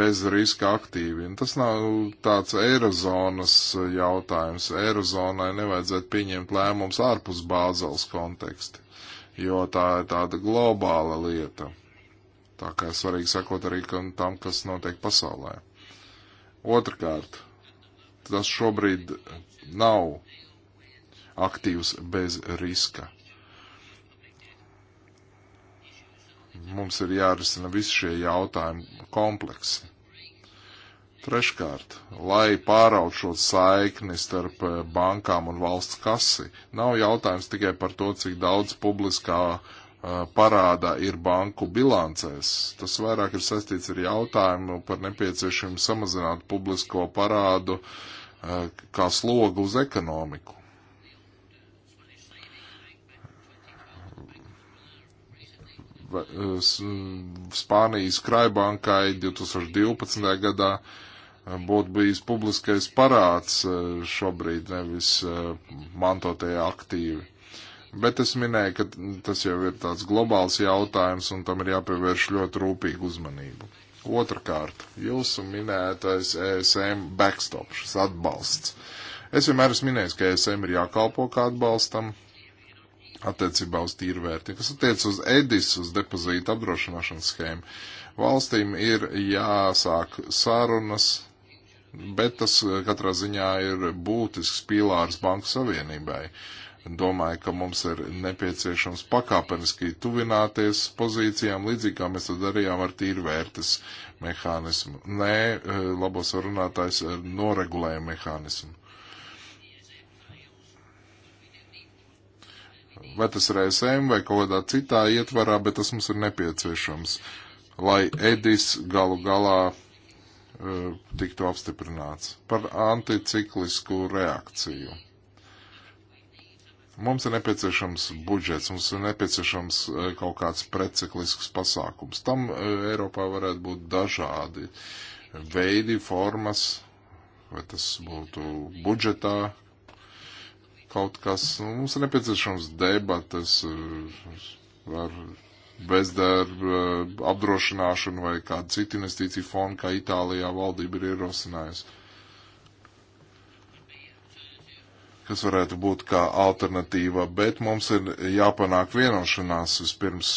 bez riska aktīvi. Un tas nav tāds eirozonas jautājums. Eirozonai nevajadzētu pieņemt lēmums ārpus bāzels konteksta, jo tā ir tāda globāla lieta. Tā kā svarīgi sakot arī tam, kas notiek pasaulē. Otrkārt, tas šobrīd nav aktīvs bez riska. Mums ir jārisina visi šie jautājumi kompleksi. Treškārt, lai pāraut šo saikni starp eh, bankām un valsts kasi, nav jautājums tikai par to, cik daudz publiskā parāda ir banku bilancēs. Tas vairāk ir saistīts ar jautājumu par nepieciešamību samazināt publisko parādu kā slogu uz ekonomiku. Spānijas Kraibankai 2012. gadā būtu bijis publiskais parāds šobrīd, nevis mantotie aktīvi. Bet es minēju, ka tas jau ir tāds globāls jautājums un tam ir jāpievērš ļoti rūpīgu uzmanību. Otrakārt, jūsu minētais ESM backstop, šis atbalsts. Es vienmēr esmu minējis, ka ESM ir jākalpo kā atbalstam attiecībā uz tīrvērtību, kas attiec uz EDIS, uz depozītu apdrošināšanas schēmu. Valstīm ir jāsāk sarunas, bet tas eh, katrā ziņā ir būtisks pīlārs Banku Savienībai. Uh, Domāju, ka mums ir nepieciešams pakāpeniski tuvināties pozīcijām, līdzīgi kā mēs to darījām ar tīrvērtas mehānismu. Nē, eh, labos runātājs eh, noregulēja mehānismu. Vai tas ir SM vai kaut kādā citā ietvarā, bet tas mums ir nepieciešams, lai Edis galu galā eh, tiktu apstiprināts par anticiklisku reakciju. Mums ir nepieciešams budžets, mums ir nepieciešams e, kaut kāds preciklisks pasākums. Tam e, Eiropā varētu būt dažādi veidi, formas, vai tas būtu budžetā kaut kas. Nu, mums ir nepieciešams debatas e, ar bezdarba apdrošināšanu vai kādu citu investīciju fondu, kā Itālijā valdība ir ierosinājusi. kas varētu būt kā alternatīva, bet mums ir jāpanāk vienošanās vispirms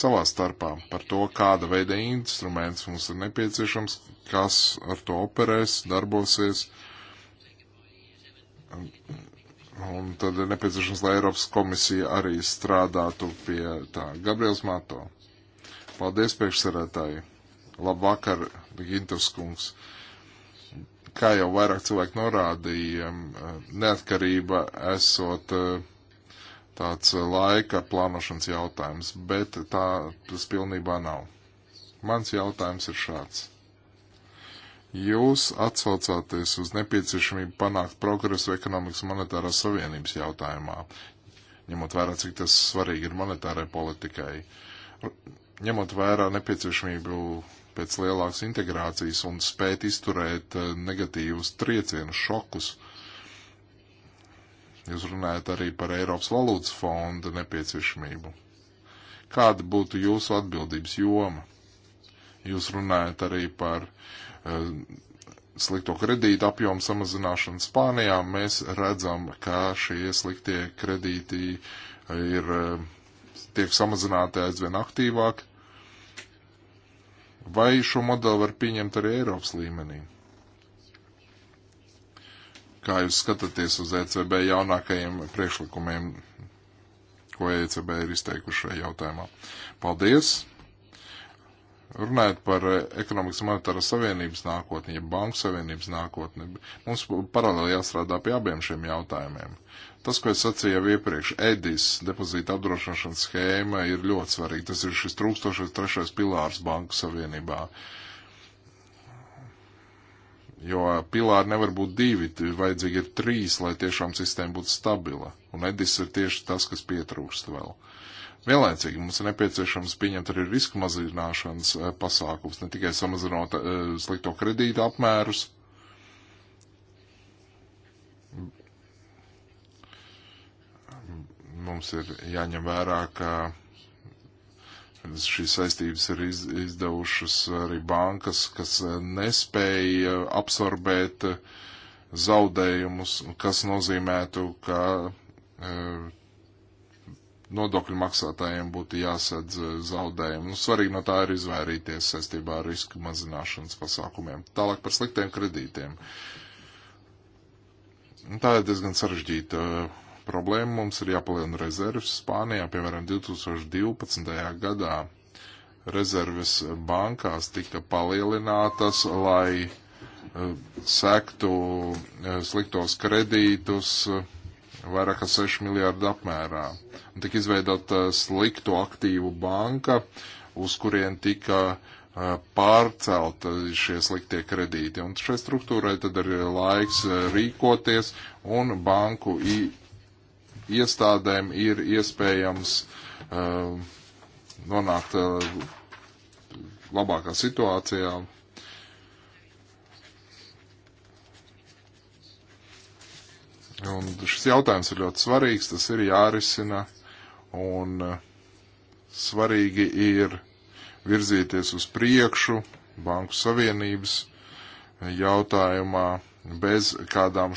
savā starpā par to, kāda veida instruments mums ir nepieciešams, kas ar to operēs, darbosies. Un tad ir nepieciešams, lai Eiropas komisija arī strādātu pie tā. Gabriels Mato. Paldies, priekšsarētāji. Labvakar, Gintas kungs. Uh, kā jau vairāk cilvēku norādīja, eh, neatkarība esot eh, tāds eh, laika plānošanas jautājums, bet tā tas pilnībā nav. Mans jautājums ir šāds. Jūs atsaucāties uz nepieciešamību panākt progresu ekonomikas monetārās savienības jautājumā, ņemot vērā, cik tas svarīgi ir monetārai politikai, ņemot vērā nepieciešamību pēc lielākas integrācijas un spēt izturēt eh, negatīvus triecienus, šokus. Jūs runājat arī par Eiropas valūtas fonda nepieciešamību. Kāda būtu jūsu atbildības joma? Jūs runājat arī par uh, slikto kredītu apjomu samazināšanu Spānijā. Mēs redzam, ka šie sliktie kredīti eh, ir, tiek samazināti aizvien aktīvāk. Vai šo modeli var pieņemt arī Eiropas līmenī? Kā jūs skatāties uz ECB jaunākajiem priekšlikumiem, ko ECB ir izteikuši šajā jautājumā? Paldies! Runājot par ekonomikas monetāras savienības nākotni, ja banku savienības nākotni, mums paralēli jāstrādā pie abiem šiem jautājumiem. Uh, Tas, ko es sacīju jau iepriekš, EDIS, depozīta apdrošināšanas schēma, ir ļoti svarīga. Tas ir šis trūkstošais trešais pilārs Banku Savienībā. Jo pilāri nevar būt divi, vajadzīgi ir trīs, lai tiešām sistēma būtu stabila. Un EDIS ir tieši tas, kas pietrūkst vēl. Vienlaicīgi mums ir nepieciešams pieņemt arī riska mazināšanas eh, pasākums, ne tikai samazinot eh, slikto kredītu apmērus, mums ir jāņem vērā, ka šīs saistības ir iz, izdevušas arī bankas, kas nespēja absorbēt zaudējumus, kas nozīmētu, ka e, nodokļu maksātājiem būtu jāsadz zaudējumi. Nu, svarīgi no tā ir izvairīties saistībā ar risku mazināšanas pasākumiem. Tālāk par sliktiem kredītiem. Nu, tā ir diezgan sarežģīta uh, problēma, mums ir jāpalielina rezerves. Spānijā, piemēram, 2012. gadā rezerves bankās tika palielinātas, lai uh, sektu uh, sliktos kredītus uh, vairāk kā 6 miljārdu apmērā. Un tika izveidota sliktu aktīvu banka, uz kurien tika pārcelta šie sliktie kredīti. Un šai struktūrai tad ir laiks rīkoties un banku iestādēm ir iespējams uh, nonākt uh, labākā situācijā. Un šis jautājums ir ļoti svarīgs, tas ir jārisina, un uh, svarīgi ir virzīties uz priekšu Banku Savienības jautājumā bez kādām